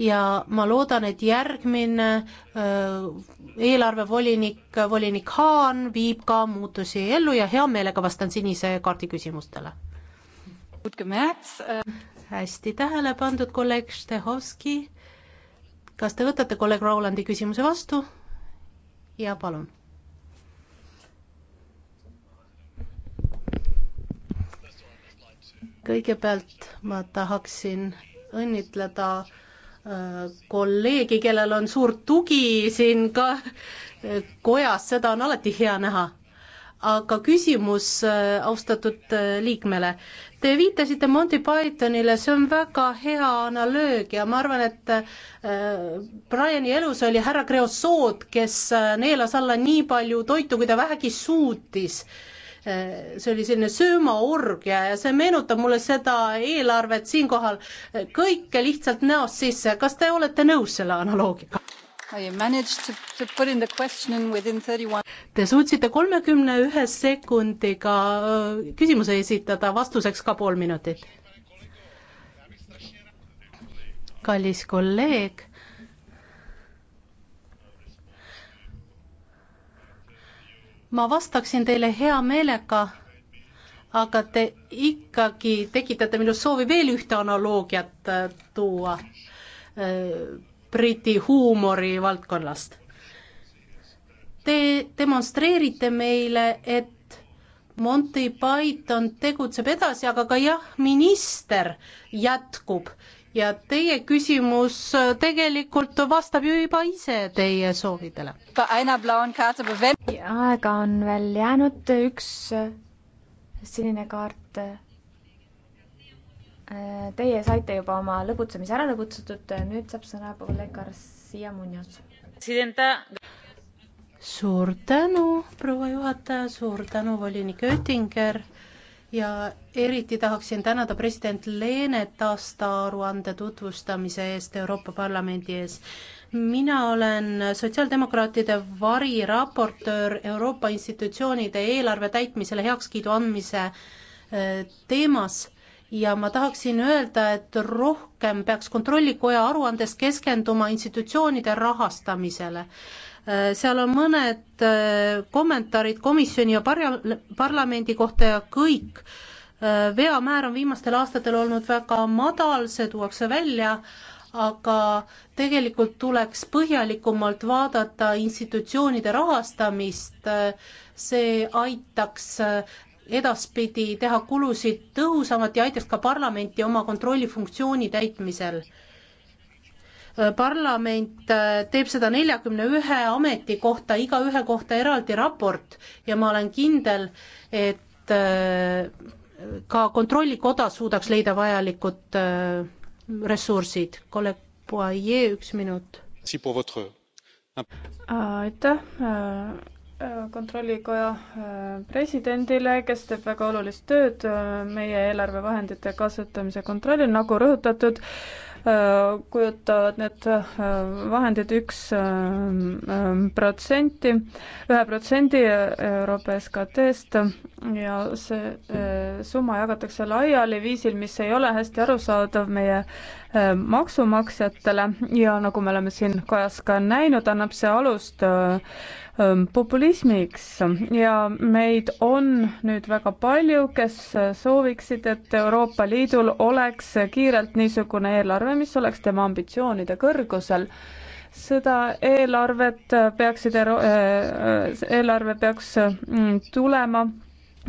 ja ma loodan, et järgmine äh, eelarvevolinik, volinik Haan viib ka muutusi ellu ja hea meelega vastan sinise kaardi küsimustele. Äh. hästi tähele pandud, kolleeg Štehovski. kas te võtate kolleeg Rolandi küsimuse vastu? ja palun kõigepealt ma tahaksin õnnitleda kolleegi, kellel on suur tugi siin ka kojas, seda on alati hea näha. aga küsimus äh, austatud äh, liikmele. Te viitasite Monty Pythonile, see on väga hea analöög ja ma arvan, et äh, Briani elus oli härra Creosoot, kes neelas alla nii palju toitu, kui ta vähegi suutis Eh, see oli selline söömaorgia ja see meenutab mulle seda eelarvet siinkohal, kõike lihtsalt näost sisse, kas te olete nõus selle analoogiga? Te suutsite kolmekümne ühe sekundiga küsimuse esitada, vastuseks ka pool minutit. kallis kolleeg ma vastaksin teile hea meelega, aga te ikkagi tekitate minus soovi veel ühte analoogiat äh, tuua äh, Briti huumori valdkonnast. Te demonstreerite meile, et Monty Python tegutseb edasi, aga ka jah, minister jätkub ja teie küsimus äh, tegelikult vastab ju juba ise teie soovidele. aega on veel jäänud üks äh, sinine kaart. Äh, teie saite juba oma lõbutsemise ära lõbutsetud, nüüd saab sõna kolleeg Garcia Munoz. suur tänu, proua juhataja, suur tänu, volinik Oettinger ja eriti tahaksin tänada president Leenet aastaaruande tutvustamise eest Euroopa Parlamendi ees. mina olen sotsiaaldemokraatide variraportöör Euroopa institutsioonide eelarve täitmisele heakskiidu andmise äh, teemas ja ma tahaksin öelda, et rohkem peaks Kontrollikoja aruandes keskenduma institutsioonide rahastamisele Äh, seal on mõned äh, kommentaarid komisjoni ja parja-, parlamendi kohta ja kõik. Äh, veamäär on viimastel aastatel olnud väga madal, see tuuakse välja, aga tegelikult tuleks põhjalikumalt vaadata institutsioonide rahastamist, see aitaks edaspidi teha kulusid tõhusamalt ja aitaks ka parlamenti oma kontrollifunktsiooni täitmisel parlament äh, teeb seda neljakümne ühe ametikohta, igaühe kohta eraldi raport ja ma olen kindel, et äh, ka Kontrollikoda suudaks leida vajalikud äh, ressursid. kolleeg Poirier, üks minut. aitäh kontrollikoja presidendile, kes teeb väga olulist tööd meie eelarvevahendite kasutamise kontrollil, nagu rõhutatud Äh, kujutavad need äh, vahendid üks äh, protsenti, ühe protsendi Euroopa SKT-st ja see summa jagatakse laiali viisil, mis ei ole hästi arusaadav meie maksumaksjatele ja nagu me oleme siin kajas ka näinud, annab see alust populismiks ja meid on nüüd väga palju, kes äh, sooviksid, et Euroopa Liidul oleks kiirelt niisugune eelarve, mis oleks tema ambitsioonide kõrgusel. seda eelarvet äh, peaksid, äh, eelarve peaks mm, tulema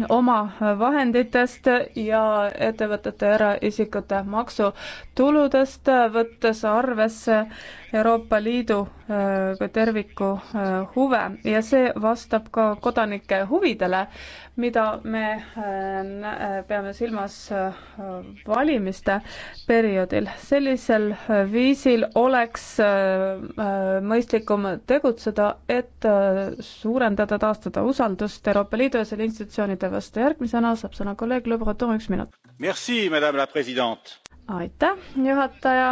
oma vahenditest ja ettevõtete eraisikute maksutuludest, võttes arvesse äh, Euroopa Liidu äh, terviku äh, huve ja see vastab ka kodanike huvidele, mida me äh, peame silmas valimiste perioodil. sellisel viisil oleks mõistlikum tegutseda, et suurendada, taastada usaldust Euroopa Liidu ja selle institutsioonide vastu. järgmisena saab sõna kolleeg Le Breton, üks minut. aitäh, juhataja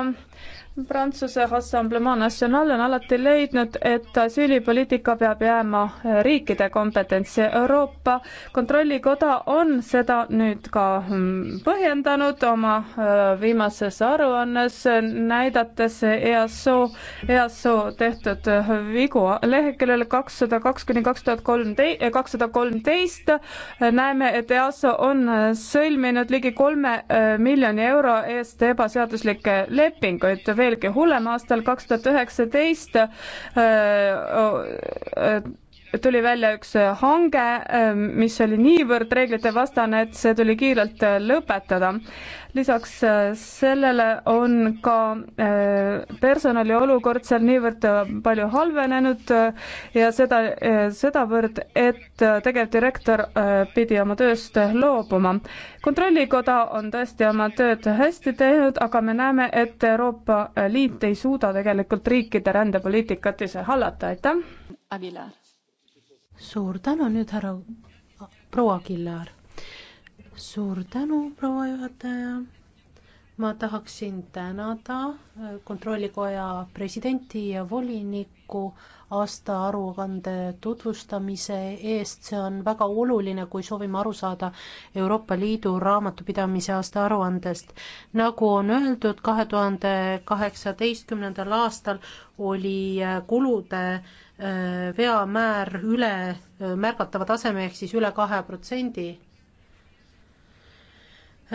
Prantsuse Assamblee National on alati leidnud, et asüülipoliitika peab jääma eh, riikide kompetentsi. Euroopa Kontrollikoda on seda nüüd ka hm, põhjendanud oma eh, viimases aruannes, näidates EASO, EASO tehtud eh, vigu. leheküljel kakssada kaks kuni kaks tuhat kolmteist, kakssada kolmteist näeme, et EASO on sõlminud ligi kolme miljoni euro eest ebaseaduslikke lepinguid veel veelgi hullem. aastal kaks tuhat üheksateist äh, äh, tuli välja üks äh, hange, ähm, mis oli niivõrd reeglite vastane, et see tuli kiirelt äh, lõpetada. lisaks äh, sellele on ka personali olukord seal niivõrd palju halvenenud ja seda, sedavõrd, et tegevdirektor pidi oma tööst loobuma. kontrollikoda on tõesti oma tööd hästi teinud, aga me näeme, et Euroopa Liit ei suuda tegelikult riikide rändepoliitikat ise hallata, aitäh! Aguilar suur tänu nüüd härra proua Killar. suur tänu, proua juhataja. ma tahaksin tänada äh, kontrollikoja presidenti ja volinikku aastaaruande tutvustamise eest, see on väga oluline, kui soovime aru saada Euroopa Liidu raamatupidamise aasta aruandest. nagu on öeldud, kahe tuhande kaheksateistkümnendal aastal oli äh, kulude Äh, veamäär üle äh, märgatava taseme ehk siis üle kahe protsendi.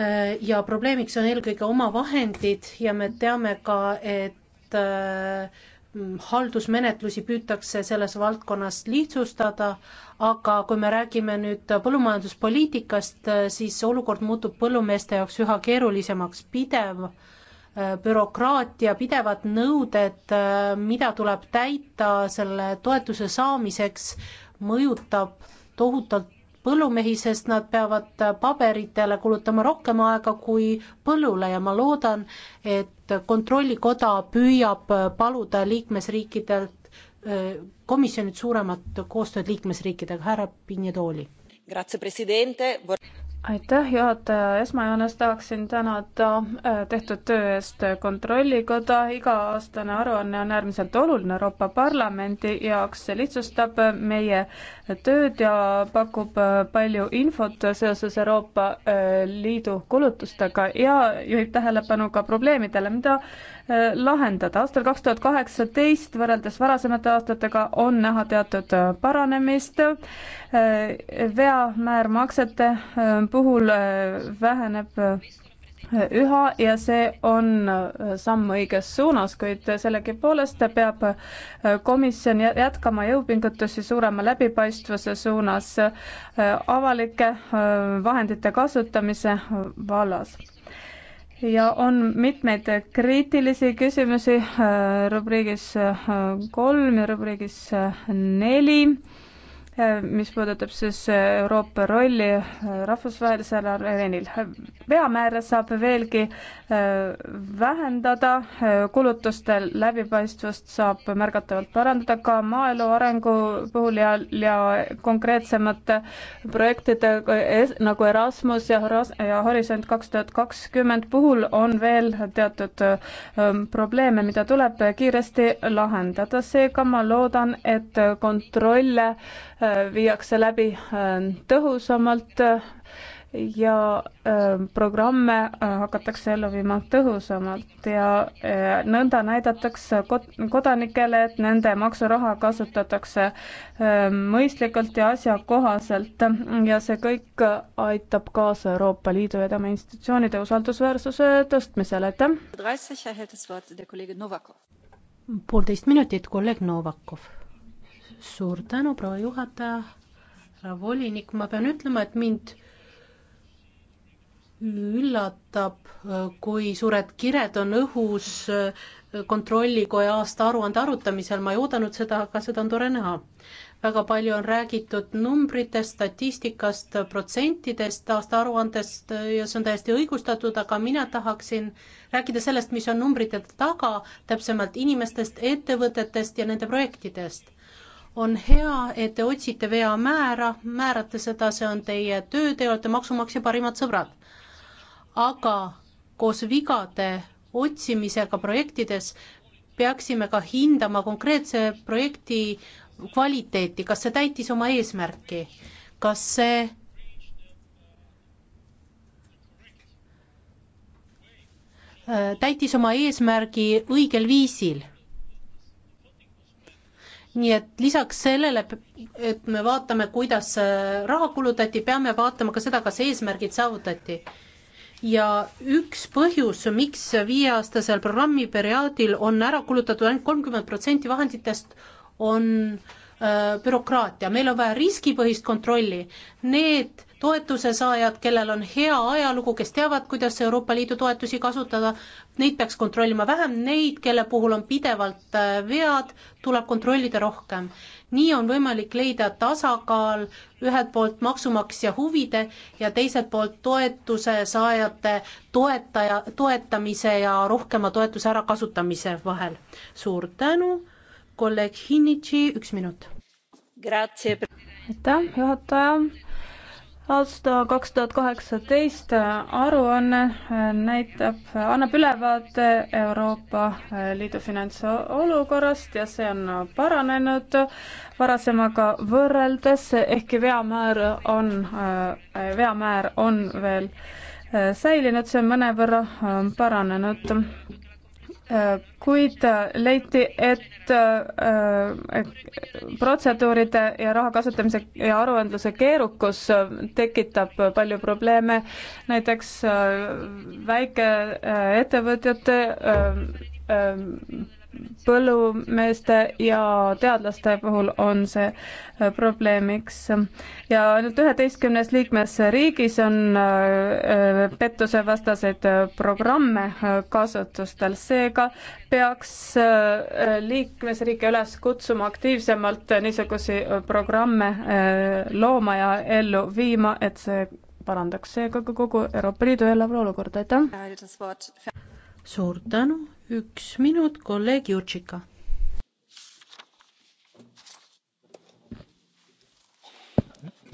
Äh, ja probleemiks on eelkõige omavahendid ja me teame ka, et haldusmenetlusi püütakse selles valdkonnas lihtsustada, aga kui me räägime nüüd põllumajanduspoliitikast, siis olukord muutub põllumeeste jaoks üha keerulisemaks, pidev äh, bürokraatia, pidevad nõuded, mida tuleb täita selle toetuse saamiseks, mõjutab tohutult põllumehi, sest nad peavad paberitele kulutama rohkem aega kui põllule ja ma loodan, et Kontrollikoda püüab paluda liikmesriikidelt, komisjonilt suuremat koostööd liikmesriikidega, härra Pignedoli aitäh, juhataja, esmajoones tahaksin tänada äh, tehtud töö eest Kontrollikoda, iga-aastane aruanne on äärmiselt oluline Euroopa Parlamendi jaoks, see lihtsustab äh, meie tööd ja pakub äh, palju infot seoses Euroopa Liidu kulutustega ja juhib tähelepanu ka probleemidele, mida Äh, lahendada. aastal kaks tuhat kaheksateist võrreldes varasemate aastatega on näha teatud äh, paranemist. Äh, veamäär maksete puhul väheneb üha ja see on samm õiges suunas, kuid sellegipoolest peab komisjon jätkama jõupingutusi suurema läbipaistvuse suunas avalike vahendite kasutamise vallas ja on mitmeid kriitilisi küsimusi äh, rubriigis äh, kolm ja rubriigis äh, neli mis puudutab siis äh, Euroopa rolli äh, rahvusvahelisel areenil. veamäära saab veelgi äh, vähendada, kulutuste läbipaistvust saab märgatavalt parandada ka maaelu arengu puhul ja, ja konkreetsemate projektide nagu Erasmus ja, ja Horisont kaks tuhat kakskümmend puhul on veel teatud probleeme, mida tuleb kiiresti lahendada, seega ma loodan, et kontrolle Äh, viiakse läbi äh, tõhusamalt äh, ja programme hakatakse ellu viima tõhusamalt ja nõnda näidatakse kodanikele, et nende maksuraha kasutatakse mõistlikult ja asjakohaselt ja see kõik aitab kaasa Euroopa Liidu ja tema institutsioonide usaldusväärsuse tõstmisele, aitäh! poolteist minutit, kolleeg Novakov suur tänu, proua juhataja, härra volinik, ma pean ütlema, et mind üllatab, kui suured kired on õhus eh, kontrollikoja aastaaruande arutamisel, ma ei oodanud seda, aga seda on tore näha. väga palju on räägitud numbritest, statistikast, protsentidest aastaaruandest eh, ja see on täiesti õigustatud, aga mina tahaksin rääkida sellest, mis on numbrite taga, täpsemalt inimestest, ettevõtetest ja nende projektidest on hea, et te otsite veamäära, määrate seda, see on teie töö, te olete maksumaksja parimad sõbrad. aga koos vigade otsimisega projektides peaksime ka hindama konkreetse projekti kvaliteeti, kas see täitis oma eesmärki, kas see täitis oma eesmärgi õigel viisil nii et lisaks sellele, et me vaatame, kuidas raha kulutati, peame vaatama ka seda, kas eesmärgid saavutati. ja üks põhjus, miks viieaastasel programmiperioodil on ära kulutatud ainult kolmkümmend protsenti vahenditest, on äh, bürokraatia, meil on vaja riskipõhist kontrolli, need toetuse saajad, kellel on hea ajalugu, kes teavad, kuidas Euroopa Liidu toetusi kasutada, neid peaks kontrollima vähem, neid, kelle puhul on pidevalt äh, vead, tuleb kontrollida rohkem. nii on võimalik leida tasakaal ühelt poolt maksumaksja huvide ja teiselt poolt toetuse saajate toetaja, toetamise ja rohkema toetuse ärakasutamise vahel. suur tänu, kolleeg Hinnitši, üks minut. aitäh, juhataja aasta kaks tuhat kaheksateist aruanne äh, näitab, annab ülevaate Euroopa äh, Liidu finantsolukorrast ja see on paranenud varasemaga võrreldes, ehkki veamäär on, äh, veamäär on veel säilinud, see on mõnevõrra paranenud kuid leiti, äh, et protseduuride ja raha kasutamise ja aruandluse keerukus tekitab palju probleeme, näiteks äh, väikeettevõtjate äh, põllumeeste ja teadlaste puhul on see äh, probleemiks. ja ainult üheteistkümnes liikmesriigis on äh, äh, pettusevastaseid programme kasutustel, seega peaks liikmesriike üles kutsuma aktiivsemalt niisuguseid programme looma ja ellu viima, et see parandaks seega ka kogu Euroopa Liidu eelarve olukorda, aitäh! suur tänu üks minut, kolleeg Jurtšika.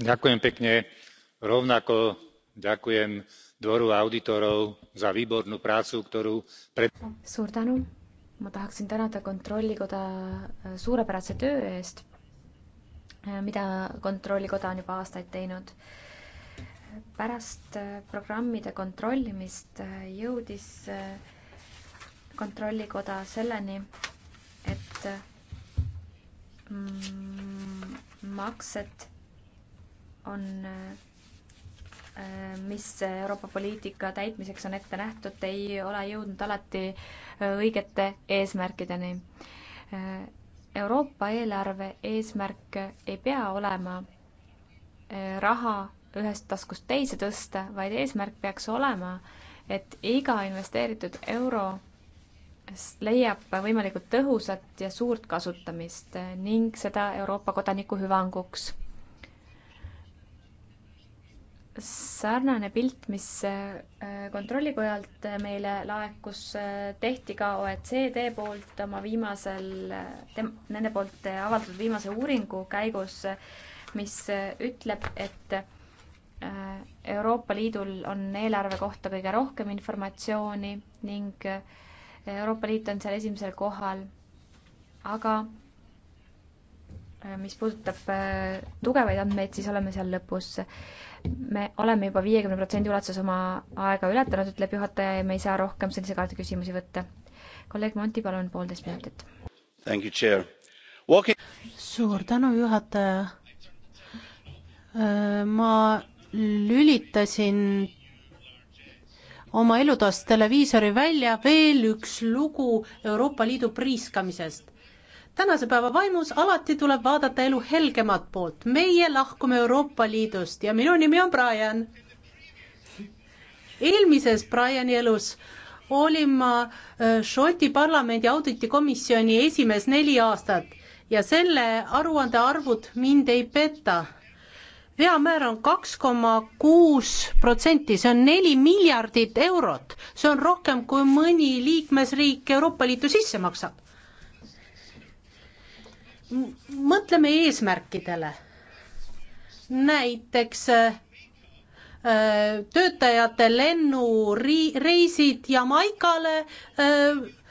ďakujem pekne rovnako ďakujem dvoru audítorov za výbornú prácu ktorú pred. suur tänu ma tahaksin tänada kontrollikoda äh, suurepärase töö eest äh, mida kontrollikoda on juba aastaid teinud pärast äh, programmide kontrollimist jõudis kontrollikoda selleni, et mm, maksed on, äh, mis Euroopa poliitika täitmiseks on ette nähtud, ei ole jõudnud alati äh, õigete eesmärkideni. Äh, Euroopa eelarve eesmärk ei pea olema raha ühest taskust teise tõsta, vaid eesmärk peaks olema, et iga investeeritud euro leiab võimalikult tõhusat ja suurt kasutamist ning seda Euroopa kodaniku hüvanguks. sarnane pilt, mis äh, kontrollikojalt meile laekus, äh, tehti ka OECD poolt oma viimasel, äh, nende poolt avaldatud viimase uuringu käigus, mis ütleb, et Euroopa Liidul on eelarve kohta kõige rohkem informatsiooni ning äh, Euroopa Liit on seal esimesel kohal, aga äh, mis puudutab äh, tugevaid andmeid, siis oleme seal lõpus. me oleme juba viiekümne protsendi ulatuses oma aega ületanud, ütleb juhataja ja me ei saa rohkem sellise kaardi küsimusi võtta. kolleeg Monti, palun poolteist minutit. Okay. suur tänu, juhataja. Äh, ma lülitasin oma elutoast televiisori välja veel üks lugu Euroopa Liidu priiskamisest. tänase päeva vaimus alati tuleb vaadata elu helgemat poolt. meie lahkume Euroopa Liidust ja minu nimi on Brian. eelmises Briani elus olin ma äh, Šoti parlamendi auditikomisjoni esimees neli aastat ja selle aruande arvud mind ei peta veamäär on kaks koma kuus protsenti, see on neli miljardit eurot, see on rohkem, kui mõni liikmesriik Euroopa Liitu sisse maksab. mõtleme eesmärkidele. näiteks äh, töötajate lennureisid Jamaikale öö, äh,